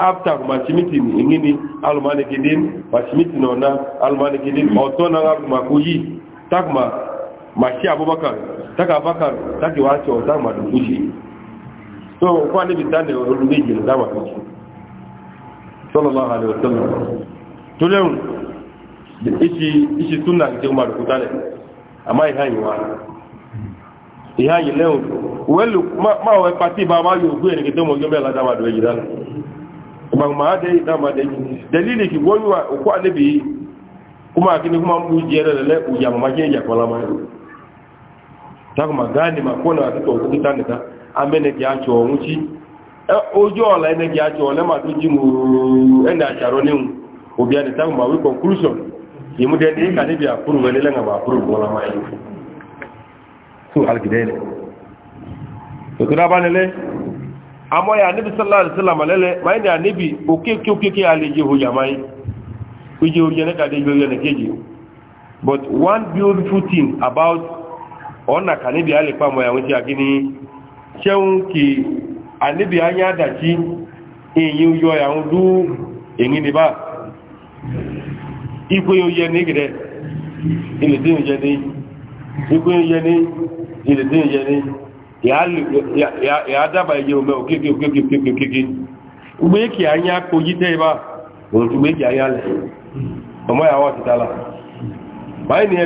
after machimiti ni ingini alumani kidin machimiti nona alumani kidin otona aluma kuyi takma mashi abubakar taka abakar taki wacho otama madukushi so kwa nibi tane olumeji na dama kuchi sallallahu alaihi wasallam tuleun isi isi sunna kite umaru kutane ama ihanyi wa ihanyi leo welu ma, ma we pati baba yo gwe ni kite mo gbe la dama do ejidana kuma ma dai dama da yi dalili ki goyi wa ko annabi kuma kini kuma mu jere da le uya ma ke ya kwala ma ta kuma gani ma ko na ta to ku ta nika amene ki acho muchi e, ojo ola ene ki acho le ma to ji mu ene acharo ni obi ani ta kuma we conclusion yi mu de ni ka ni bi apuru wele le ngaba apuru wala ma yi su algidele to kura banele àmọ́ ya níbi sallallahu alaihi wasallam lẹ́lẹ́ máa ní àníbi òkèké òkèké àlejò òyà máa ìjẹ́ òyà ní kàdé ìjọ òyà nìkejì but one beautiful thing about ọ̀nà kàníbi àlèpá mọ́ àwọn tí a gíní ṣẹ́hun kì àníbi anyá àdàtí èyí yọ àwọn dú èyí ní bá ipò òyà ní gẹ̀rẹ́ ilẹ̀ tí òyà ní ipò òyà ní ilẹ̀ tí òyà ní ya daba eje ome okeke okeke okeke okeke ugbo eke anya ebe a ugbo eke anya le ọmọ ya ugbo ebe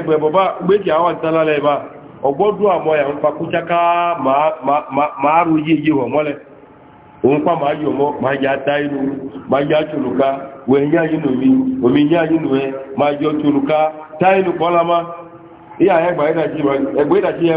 a ya ma arụ ihe ihe ọmọ wee nye anyị n'omi omi ihe anyị ịdachi ya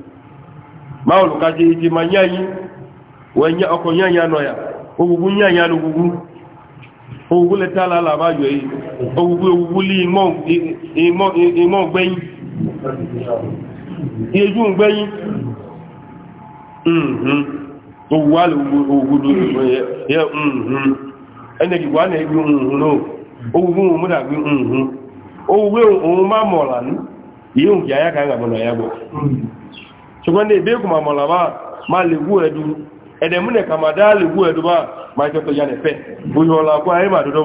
ma olùkájí ìdí ma yáyí wẹ́nyẹ́ ọkọ̀ yáyá nọ́yà ogugu yáyá lógugu ogugu lè tààlà àlàbà yọ yìí ogugu ogugu lé ìmọ̀ gbẹ́yìn ìyẹjú gbẹ́yìn ogugu alẹ́ ogugu lógugu yẹ ẹnẹ́gì ogugu ogugu ṣùgbọ́n ní ìbí ìkùnmà mọ̀lá ma lè wú ẹ̀dù ẹ̀dẹ̀múnẹ̀ kà máa lè wú ẹ̀dù bá ma jọtọ̀ ya nẹ̀fẹ́ bóyọ ọlágbọ́ ayé máa dọ́dọ́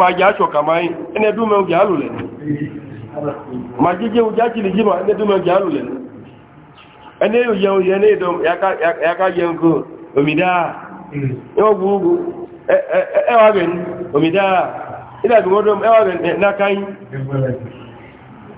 mọ̀ jẹ́ aṣọ kàmáyín ẹni ẹdúnmẹ́ ma ma ní ìdọ̀ ẹwà gẹ̀ ní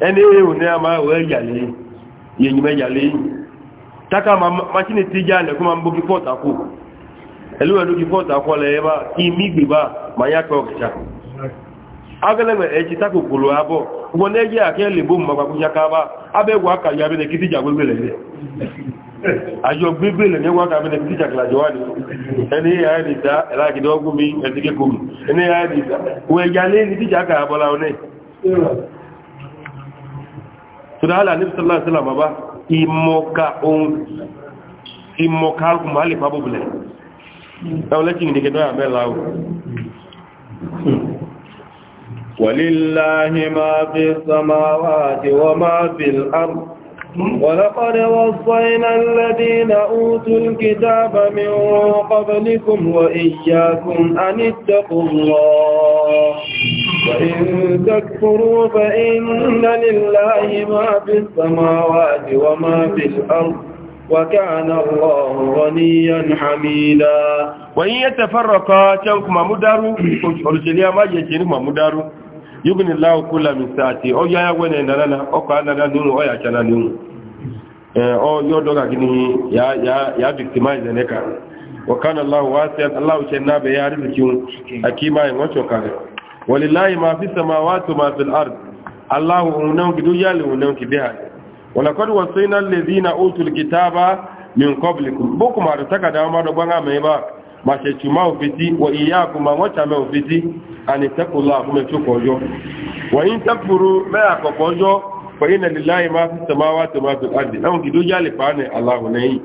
ẹni ewu ní a máa wẹ́ yàlé yẹ̀yìn mẹ́ yàlé taka machine ti já lẹ́kú ma ń bó kí pọ́ọ̀tàkù ẹlú ẹlú kí pọ́ọ̀tàkù ọlẹ́yẹ bá kí mí gbìbá ma yá pẹ́ ọ̀kìṣà agẹ́lẹ́gbẹ̀ ẹ̀ṣì tako kòlò abọ́ wọn ní ẹgbẹ́ àkẹ́ lè bó mọ̀ pàkúnṣaká bá abẹ́wọ̀ akàyọ abẹ́nẹ̀ kí tíjà gbégbé lẹ̀ àjọ gbégbé lẹ̀ ní wọ́n kàbẹ́nẹ̀ kí tíjà kìlàjọ wà ní ẹni àìdìdá ẹ̀láàkìdọ́gún tuna ala nabi sallallahu alaihi wasallam baba imoka on imoka ku mali babu bule dawla kin de kedo ambe lawo walillahi ma fi samawati wa ma fil ard ولقد وصينا الذين أوتوا الكتاب من قبلكم وإياكم أن اتقوا الله وإن تكفروا فإن لله ما في السماوات وما في الأرض وكان الله غنيا حميدا وإن يتفرقا تنكم مدارو أرسليا ما يجينكم مدارو يبني الله كل من ساعتي أو يا وين نانا أو كان نانا نونو أو يا كان نونو أو يودوغا كني يا يا يا victimize نكا وكان الله واسعا الله شنا بيارزكم حكيما وشكرا walillahi ma fi samawati ma fil ard allah unan ki duyal unan ki biha wala qad wasayna alladhina utul kitaba min qablikum bokum artaka da ma dogwanga me ba ma se chuma ofiti wa iyyakum ma wacha me ofiti ani taqullaha kuma chukojo wa in takfuru ma akokojo fa inna lillahi ma fi samawati ma fil ard an ki duyal fa ne allah ne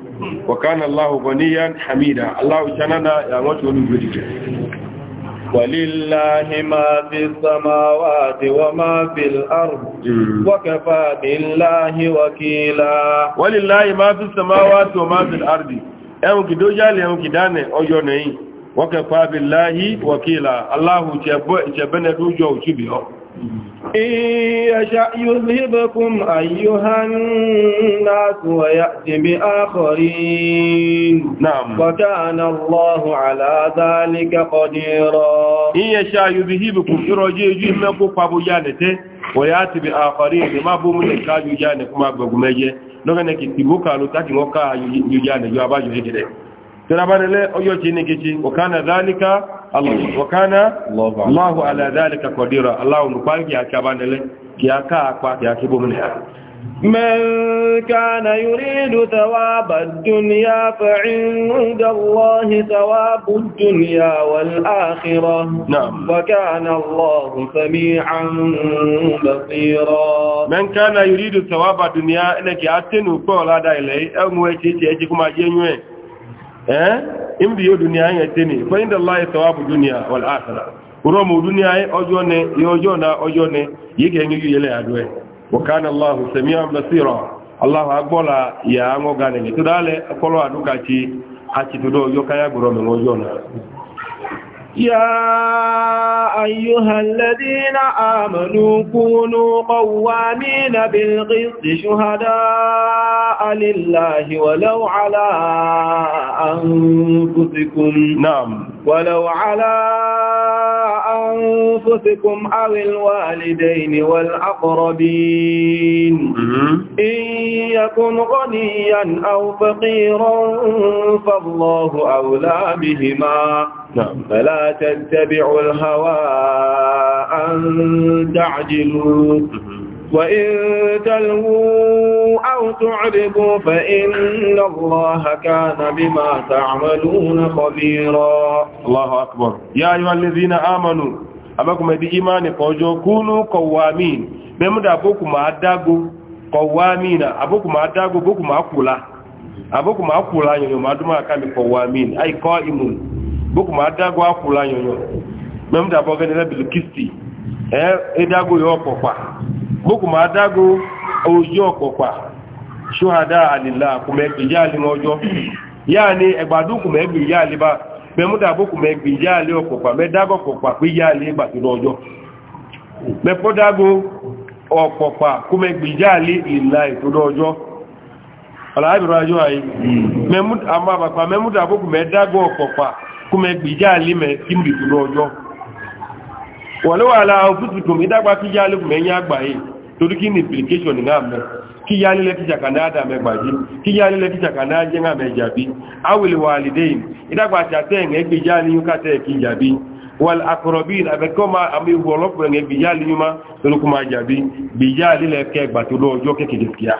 wa kana allah ghaniyan hamida allah chanana ya ngoto lu bidike ولله ما في السماوات وما في الأرض وكفى بالله وكيلا ولله ما في السماوات وما في الأرض ẹun kìdó jálẹ̀ ẹun kìdánẹ̀ ọjọ́ nìyí wọ́kẹ̀fà bí láyí wọ̀kílà aláhù ìṣẹ̀bẹ́nẹ̀dójọ́ òṣìbìọ́ إن يشأ يذهبكم أيها الناس ويأتي بآخرين نعم وكان الله على ذلك قديرا إن يشاء يذهبكم يرجي جهمكم فابو جانته ويأتي بآخرين لما بوم لكاج جانكم أبغمجي نغنى كتبوكا لتاكي موكا يجاني يابا يهدره ترابان الله أيوتي نكتي وكان ذلك wakana allahu ala dhalika qadira allahu nupangi akabanele kiaka akwa kiakibo mneha من كان يريد ثواب الدنيا فعند الله ثواب الدنيا والآخرة نعم وكان الله سميعا بصيرا من كان يريد ثواب الدنيا إنك أتنو قول هذا إليه أمويتي تيجيكم أجينيه eh imdi yo dunya ya tini fa inda bụ thawabu dunya wal na ojo ne yige ngi yele adwe wa allah samian ya ngo gane ni to dale akolo aduka chi يا أيها الذين آمنوا كونوا قوامين بالقسط شهداء لله ولو على أنفسكم نعم ولو على أنفسكم أو الوالدين والأقربين إن يكن غنيا أو فقيرا فالله أولى بهما فلا تتبعوا الهوى أن تعجلوا وإن تلووا أو تعرضوا فإن الله كان بما تعملون خبيرا الله أكبر يا أيها الذين آمنوا أباكم بإيمان قوجوا كونوا قوامين بمدى أبوكم أداغوا قوامين أبوكم أداغوا أبوكم أقولا أبوكم أقولا يوم أدوما كان قوامين أي قائمون boko ma dago akula yonyo mem da bo gene bil kisti eh e dago yo popa boko ma dago ojo popa shuhada alillah kuma gbijali ngojo yani egbadu kuma gbijali ba mem da boko me gbijali opopa me dago popa gbijali ba ti rojo me podago opopa kuma gbijali lillahi to rojo ọ̀làábìrò hmm. ajọ́ ayé àmà àpapà mẹ́múdà àbúkù mẹ́dágọ́ ọ̀pọ̀pà kúmẹ̀ gbìjá alímẹ̀ tí mú ìdúró ọjọ́ wọ̀n ló wà láà òfúsùkùn ìdágbà kí yá lókùnmẹ̀ ń yá gbà yìí torí kí ní implication ní àmẹ́ kí yá nílẹ̀ kí jàkà náà dà mẹ́gbà jí kí yá nílẹ̀ kí jàkà náà jẹ́ àmẹ́ jàbí awìlì wà àlìdẹ́yìn ìdágbà àtàtẹ́ ẹ̀ngẹ́ gbìjá ní yúkàtẹ́ kí ní yúmá torí kú máa jàbí gbìjá nílẹ̀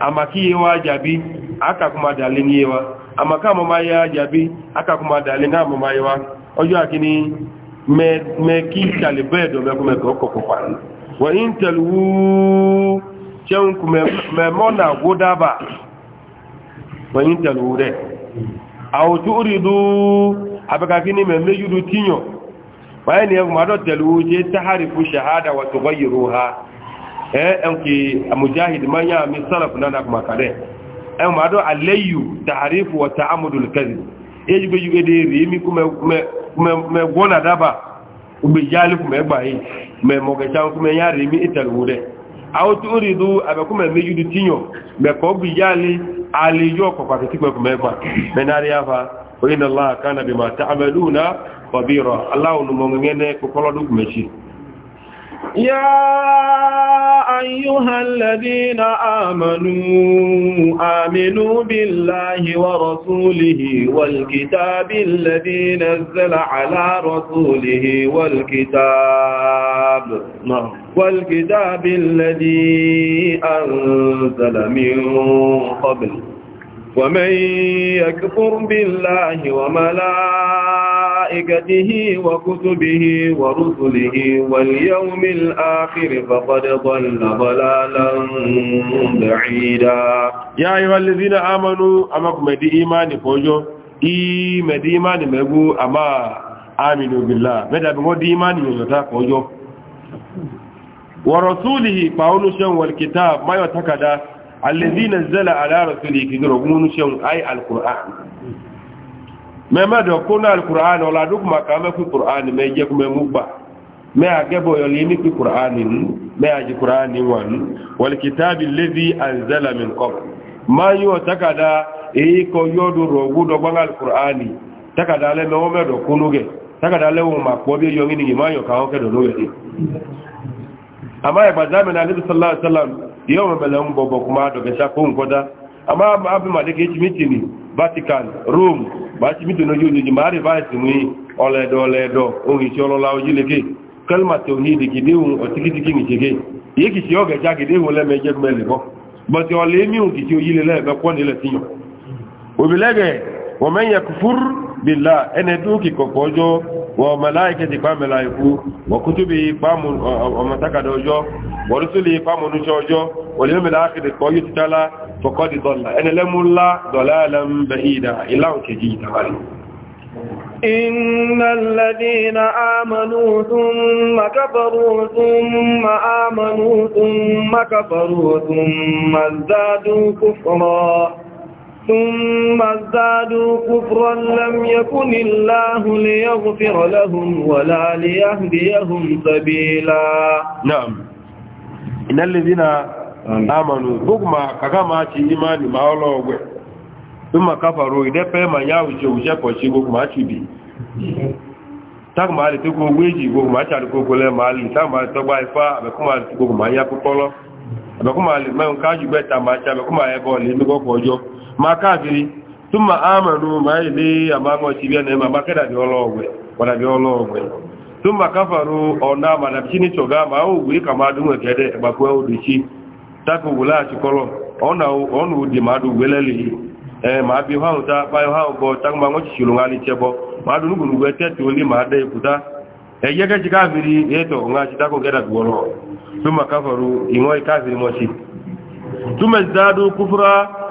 amaki yewa jabi aka kuma dalin yewa amaka mama ya jabi aka kuma dalin na mama yewa ojo akini me me ki tale bedo me kuma ko ko me mona godaba wa intalu de aw turidu abaka me mejudu tinyo wa ni kuma do shahada wa ɗanke mujahid manya min sarrafa na na kuma kare ɗan ma don alayyu ta harifu wa ta amudul kazi e yi gbeju gede rimi kuma gona daba ugbe jali kuma egba yi mai mogashan kuma ya rimi itar wude a otu ridu abe kuma meju du tinyo me, ko gbi jali aliyo ko pati ti kuma egba me na riya fa wa inna allaha kana bima ta'maluna khabira allah nu mo ngene ko kolodu kuma shi يا أيها الذين آمنوا آمنوا بالله ورسوله والكتاب الذي نزل على رسوله والكتاب نعم، والكتاب الذي أنزل من قبل ومن يكفر بالله وملائكته وملائكته وكتبه ورسله واليوم الآخر فقد ضل ضلالا بعيدا يا أيها الذين آمنوا أمكم دي إيمان فوجو إيما دي إيمان مبو أما آمنوا بالله ماذا بمو دي إيمان يوزتا فوجو ورسوله فأولو شن والكتاب ما يتكدا الذين نزل على رسوله كذروا شن أي القرآن mẹ́mẹ́dọ̀ kó náà kùránì ọ̀làdókùnmà ká mẹ́kù kùránì mẹ́jẹ́kù mẹ́mú gbà mẹ́ àgẹ́bọ̀ yọlé ní kí kùránì nù mẹ́ àjì kùránì wà nù wọ̀lìkìtàbí lẹ́bí àǹzẹ́làmìn kọ́ máa yíwọ̀ takada èyí kọ yọ́dún rọ̀gbọ́dọ̀ gbọ́ngà kùránì takada lẹ́mẹ́ wọ́n mẹ́dọ̀ kó lóge takada lẹ́wọ̀n mà pọ̀ bí yọ nínú ìmọ̀ ayọ̀ káwọn kẹ́dọ̀ lóge amma abu ma da ke vatican rome ba ci miti na juju ji mari ba su ni oledo oledo ohun isi olola oji leke kalma tauhi da gide ohun otikitikin ikege yi ki si oga ja gide ohun lẹmẹ jẹ mẹlẹ bọ bọtí ọlẹ mi ohun kìí oyi lẹlẹ ẹgbẹ kọ nílẹ tiyan òbílẹgẹ wọn mẹyẹ kufur bila ẹnẹ tó kì kọkọ ọjọ wọn fọ̀kọ́dì dọ́là ẹnilẹ́múlá dọ̀lá ẹlẹ́mbẹ̀ ìdá ìlàun kejì ìtàwárí إن الذين آمنوا ثم كفروا ثم آمنوا ثم كفروا ثم ازدادوا كفرا ثم ازدادوا كفرا لم يكن الله ليغفر لهم ولا ليهديهم سبيلا نعم إن الذين amanu gbogbo ma kaka ma ci imani ma ọlọ ọgbẹ tó ma káfàró ìdẹ́pẹ́ ma yá òṣè òṣè pọ̀ sí gbogbo ma ci bi táàkì ma lè tó kó wéjì gbogbo ma càrí gbogbo lẹ ma lè táàkì ma lè tọgbà ifá àbẹ̀kú ma lè tó gbogbo ma yá kọ́kọ́lọ́ àbẹ̀kú ma lè mẹ́rin káàjù bẹ́ta ma ci àbẹ̀kú ma ẹbọ lè ní taka ugwele achịkọrọ ọ na ụdị mmadụ ugweleli ee ma abịa ha ụta kpaa ha ụbọ taka mgbe anwụchichiri nwa n'ichebọ mmadụ nugwuru ugwe tete oli ma ada ekwuta eje ga chika viri eto nga geda gworo tuma kafaru ingo ikaziri mochi tumezidadu kufra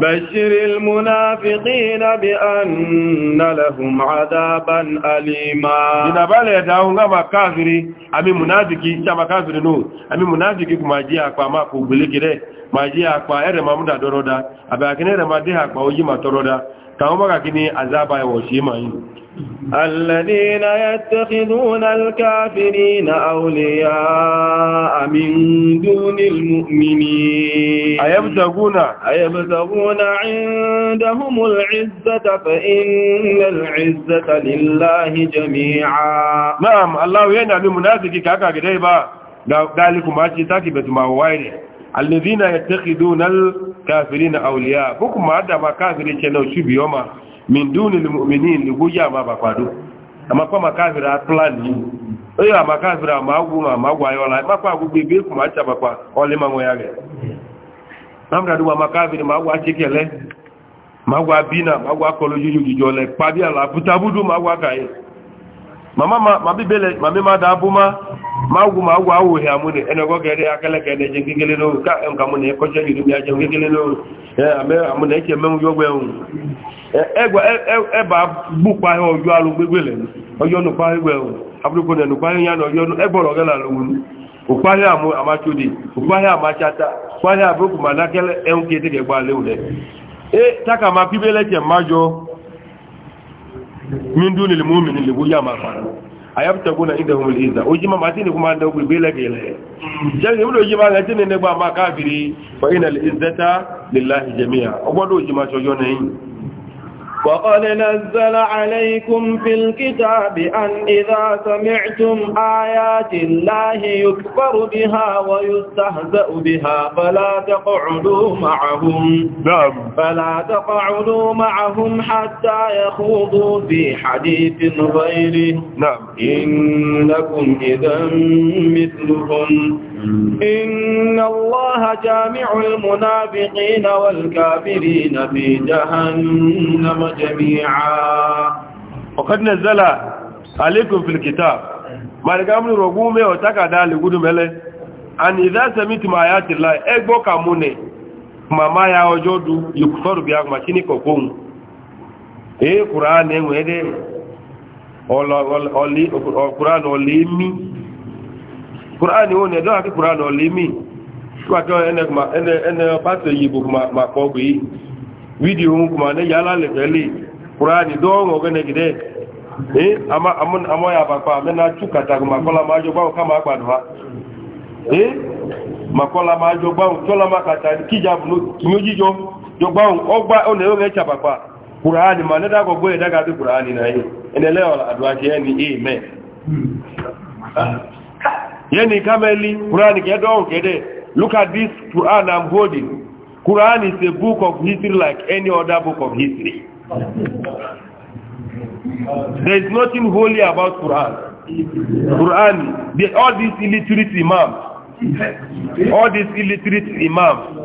بشر المنافقين بأن لهم عذابا أليما إذا بالي يدعون غابا كافري أمي منافقي شابا كافري نو أمي منافقي كما جي أكبا ما كوبلي كده ما جي أكبا إرما مدى درودا أبا أكين إرما دي أكبا وجي ما ترودا kàwọn bọ́gà kí ní àzába ẹwọ̀ ṣe máa yìí الذين يتخذون الكافرين أولياء من دون المؤمنين أيبتغون أيبتغون عندهم العزة فإن العزة لله جميعا نعم الله ينعم المنافق كاكا قريبا ذلك ما شتاكي بتما ووايني الذين يتخذون الكافرين na awliya boku ma da ma kafiri ce nau shubi yoma min dunil mu'minin li guya ma ba kwado amma kuma kafira plan ni oyo amma kafira ma gu ma ma gwa yola ma kwa gu bebe ku ma cha ba kwa ole ma ngoya ma kafiri ma ma gwa bina ma gwa kolo juju jujo le pa bi ala butabudu ma gwa kai mama ma ma bibele ma me ma buma ma agwụ awụghị amụn enego gere ya kelekele je ngegele n'oge ka nka e e, mụ na ekoche giri ya na eche emenwu ogbe enwu eba alụ gbegbele oyo nukwa igwe enwu abụrụkwu na nukwa ihe ya na oyo egboro ogela alụgwu amachudi amachata ma nakele enwu ka edega gbale ule e taka ma pibeleche mmajọ mindunil mumin ya ayabtaguna indahum al-izza ujima matini kuma da ku bela gele jan yimdo ujima ga tinin ne ba ma kafiri fa inal izzata lillahi jami'a obodo ujima so yone وقد نزل عليكم في الكتاب أن إذا سمعتم آيات الله يكفر بها ويستهزأ بها فلا تقعدوا معهم نعم فلا تقعدوا معهم حتى يخوضوا في حديث غيره نعم إنكم إذا مثلهم إن الله جامع المنافقين والكافرين في جهنم جميعا وقد نزل عليكم في الكتاب ما لكم رغم وتكدا لغد مله ان اذا سمعتم ايات الله اغبو كمونه mama ya ojodu yukufaru bi agma chini kokun e qur'an e wede ol oli qur'an olimi qur'an woni do ati qur'an olimi kwa to ene ene ene pato yibu ma ma video mu kuma ne yala le feli qur'ani do ngo gane gide eh ama amun amoya ba kwa me chuka ta kuma kola makola ma eh, jo ba chola ma kata kija bunu one yo ngecha qur'ani ma da go boye daga qur'ani na yi enelewa la ni amen hmm. yeni kameli qur'ani ke do look at this qur'an i'm holding Quran is a book of history like any other book of history. There is nothing holy about Quran. Quran, they, all these illiterate imams, all these illiterate imams,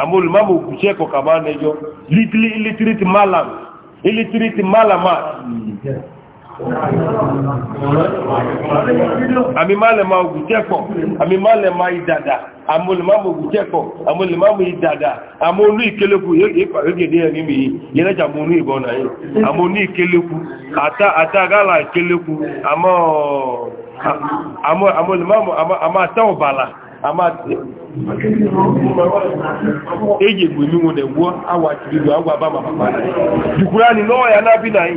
amul mamu kucheko kama nejo, little illiterate malam, illiterate malamat, àmì má lè máa ògùn tẹ́kọ̀ àmì má lè máa ìdàdà àmì olè máa ògùn àmì olè máa ìdàdà àmì olú ìkélékù yégede ẹ̀mí mi yẹlẹ́jà mọ onú ìbọn náà àmì olú àmọ́ eji egwu ime nwe na-egwu awa chirigo agwa ba ma papa jukwuru anyị ya na na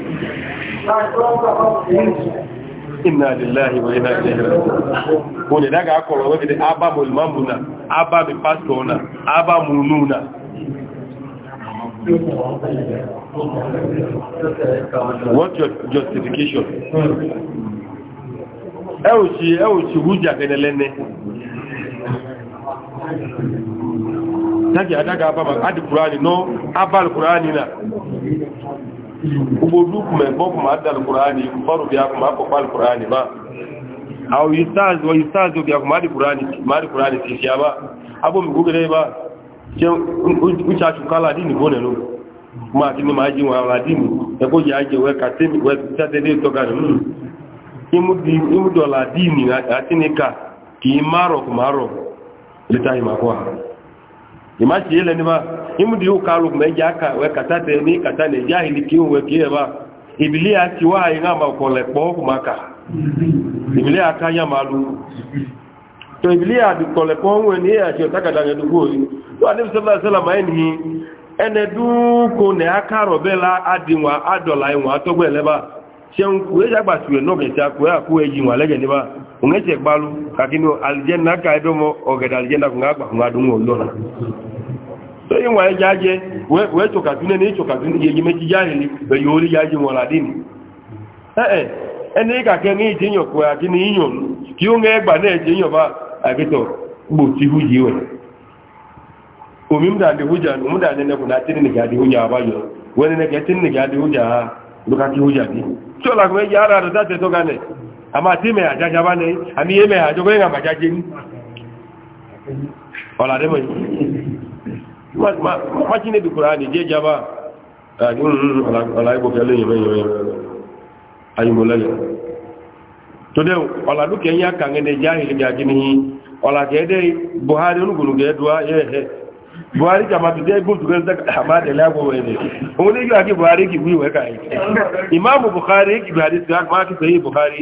inna lillahi wa inna ilaihi raji'un onye daga akọrọ onwe gị aba m na aba pastọ na aba na what your justification ẹ ò ṣe ẹ ò ṣe taki adaka baba adi kurani no abal kurani na ubo du kuma bo kuma adal kurani baro biya kuma ko bal kurani ba aw yustaz wa yustaz biya kuma adi kurani mari kurani ti ya ba abo mi gugure ba je ucha chukala dini bone no ma ti ni ma ji wa wa dini e ko ya je we ka te mi we ta de to ga no hmm. imu di imu dola dini ati ni ka ki maro kumaro litayi makwa imachi ile ni ba imudi ukalu kumeja aka we katate ni katane jahili kiwe ba ibilia kiwa inga makole po kumaka ibilia akanya malu to ibilia du kole po nwe ni ya jo takada ne du goyi to ani sallallahu alaihi wasallam ayi ene du ko ne akaro bela adinwa adola inwa atogbe leba se un we jagba suwe no ke se akwe akwe yin wa lege ni ba ungeche gbalu lakini aljanna ka edomo ogeda aljanna kungagba kungadungo lona so yin wa jaje we we to katune ni to katune ye yime jijali be yori jaje mo ladini eh eh eni ka ni ko ki unge gba na jinyo ba ti we mda de huja ne ne kuna ni ga ba yo ne ke ni ga duka ni so la ko da te to àmà tí mẹ́ àjájá bá ní àmì yé mẹ́ àjọgbé ìrìn àmàjájé ní ọ̀làdẹ́mọ̀ ọ̀làdẹ́mọ̀ buhari onúgbòlùgbẹ̀ ẹ̀dùwá ẹ̀ẹ̀ẹ̀ buhari kà máa tùtẹ́ igbó tùgẹ́ àmàdẹ̀lẹ́ agbọ̀wẹ̀ ẹ̀dẹ̀ òun ní yíò àti buhari kì wíwẹ̀ káyẹ̀ ìmáàmù buhari kì buhari tí a máa kìtẹ̀ yí buhari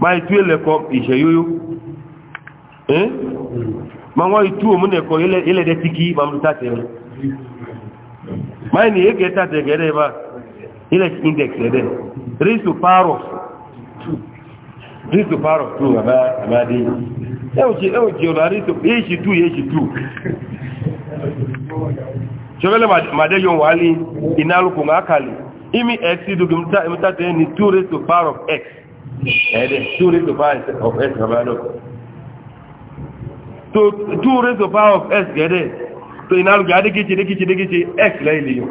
ma itu eleko ise yoyo eh ma nwa itu o mune ile ile de tiki ma mu tate ma ni ege tate gere ba ile index de risu paro risu paro tu ba ba di e o je e o je o la risu e ji tu e ma de wali inalu ko imi x dugum ta imta ni 2 x and two raised power of s kabalo to to of s to ina lu gade kichi de kichi de kichi x la ile yo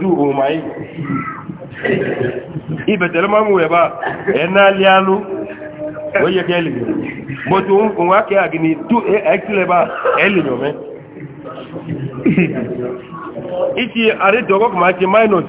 yo o mai tele ma mu e ba li kele tu un wa ke agini tu e, x le ba ele yo me ichi are dogo ti minus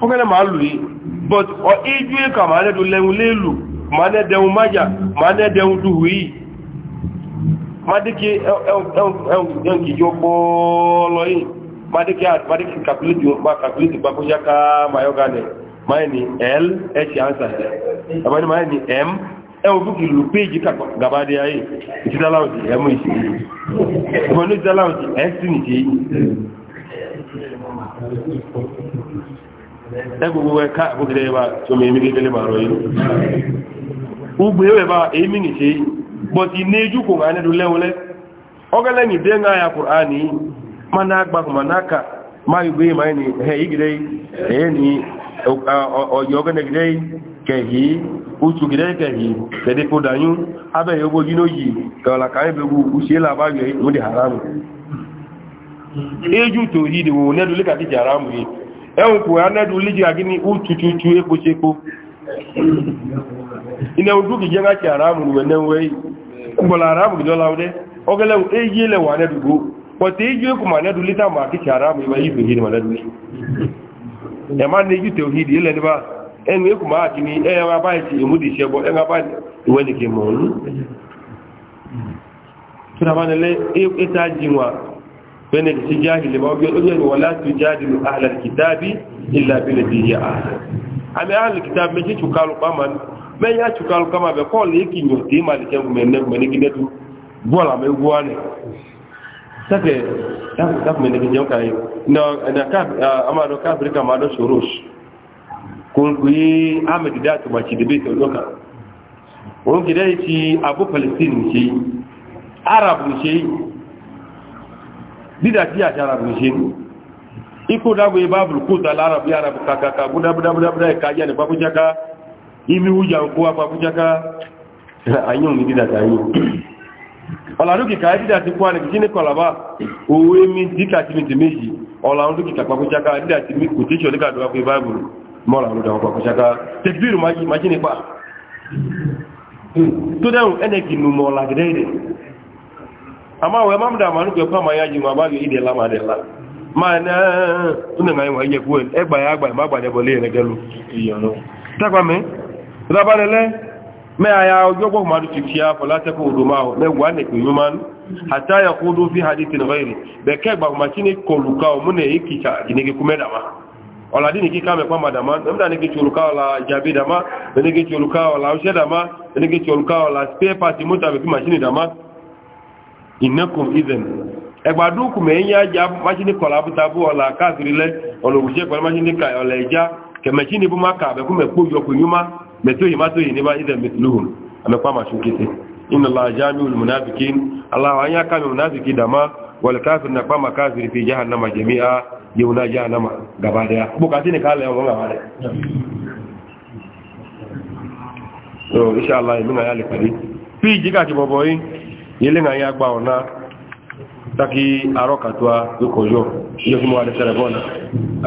fúnkẹ́lẹ̀ máa lù yí but ọ ijú ẹ̀kà máa nẹ́dù lẹ́hun léèlù máa nẹ́dẹun májà máa nẹ́dẹun dùhù yìí máa díkẹ́ ẹ̀hùn kìjọ pọ́ọ́lọ́ yìí máa díkẹ́ kàkùlìtì gbàkóṣá ká mayọ́gá l h answer àbáni máa ní m ẹwọ fún kìlù péjì gàbádé ayé ìtìdáláwọ̀dì ẹmú ìṣẹ́ yìí ìbọn ní ìtìdáláwọ̀dì egbogbo ẹka àgbógidẹ ẹba tí ó mẹ́ èmì gẹ́gẹ́lẹ́ bàrọ yìí ugbo ẹwẹ̀ bá èmì nìṣe but iné ijú kò rán nẹ́dù lẹ́wọlẹ́ ọgẹ́lẹ́ni dẹ́ ń ráyà ma náà gbàkùn ma náà máa yìí e ma ẹni ẹ̀ ìgidẹ́ ni ọ̀yọ́ ẹ̀hùnkù anẹ́dùlíjì àgíní útùtùtù epochepo iná ojú kìí jẹ́ láti àráàmù ìwẹ̀nẹ́wẹ́ ìgbọ̀lá àráàmù ìdọ́lá ọdẹ ọgẹ́lẹ́wù èyí lẹ̀wọ̀ anẹ́dùgbò pọ̀tẹ̀ èyí ẹkù manẹ́dùlítà máa kìí àráàmù ìwẹ̀ yìí fèyí manẹ́dùlí ẹ̀má ní ojú tẹ̀wọ̀hìdì ilẹ̀ níbà ẹnu ẹkù bene ti jahili ma ojo ojo wala tujadilu ahla alkitabi illa billati hiya ahsan ami ahla alkitab me chukalu kama me ya chukalu kama be ko le kinyo ti ma le kengu me ne me ne ma do shurush kun kuyi dídà tí àti arab ṣe ní ikú dágbé báàbùlù kú tà lárabí arabu kàkàkà búdábúdábúdá ẹ̀ka yẹ́ ní papújáká imi wújà òkú wa papújáká àyíò ní dídà tàyí ọ̀làdókìkà dídà ti kú àrẹ̀kì sí ní kọlàbá owó emi díkà tí mi ti méjì ọ̀làdókìkà papújáká dídà ti mi kò tíṣọ̀ ní kàdúrà pé báàbùlù mọ́ra ló dáwọn papújáká tẹ̀gbìrù májí nípa hmm. tó dáhùn ẹnẹ́gì nùmọ̀ ọ̀làgẹ́dẹ́ ama we mamda manu ke kwa mayaji mababi ide la madela mana una ngai wa ye kwen e gba ya gba ma gba de bole ne gelu iyo no takwa me da balele me aya ojo ko ma du tikia ko la te ko du ma o me wa ne kun man hatta yaqudu fi hadithin ghairi be ke gba mune ikicha e ni ke kumeda ma ola dini ki kame kwa madama namda ni ke churuka ola jabi dama ni ke churuka ola ushedama ni ke churuka spare part muta be machine inakum idhan ẹgbàdú kù mẹ́ yá já máṣíní kọ̀lá bú tabú ọ̀là káàkiri lẹ́ ọ̀lọ̀gùnṣẹ́ pẹ̀lú máṣíní ka ọ̀là ẹja kẹmẹ̀ṣíní bú má kààbẹ̀ kú mẹ́kú yọkù yúmá mẹ́tóyì má tóyì ní bá idhan mẹ́tìlúhùn àmẹ́pá máa ṣun kété iná la já mi olùmùnáfikí aláwọ̀ anyá dama mi olùmùnáfikí dàmá wọ̀lẹ̀ káàkiri nà pàmà káàkiri fi jahannama jẹ̀mí a yẹ̀wùná jahannama gabadaya bukati ni kálẹ̀ ọ̀wọ́n gàmà rẹ̀ so inshallah ìmúna yà lè pẹ̀lú fi ìjíkà ti bọ̀bọ̀ yele nga ya gba ona taki aroka twa yuko yo yo kuma wale telefona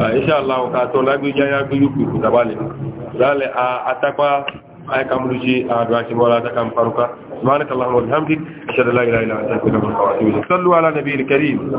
uh, ah, insha Allah ka to la gbeja ya gbe yuku tabale dale a ah, atakwa ay kamluji a ah, do ci wala ta kam faruka subhanakallahumma wa bihamdik ashhadu an la ilaha illa anta astaghfiruka wa atubu ilayk sallu ala nabiyil karim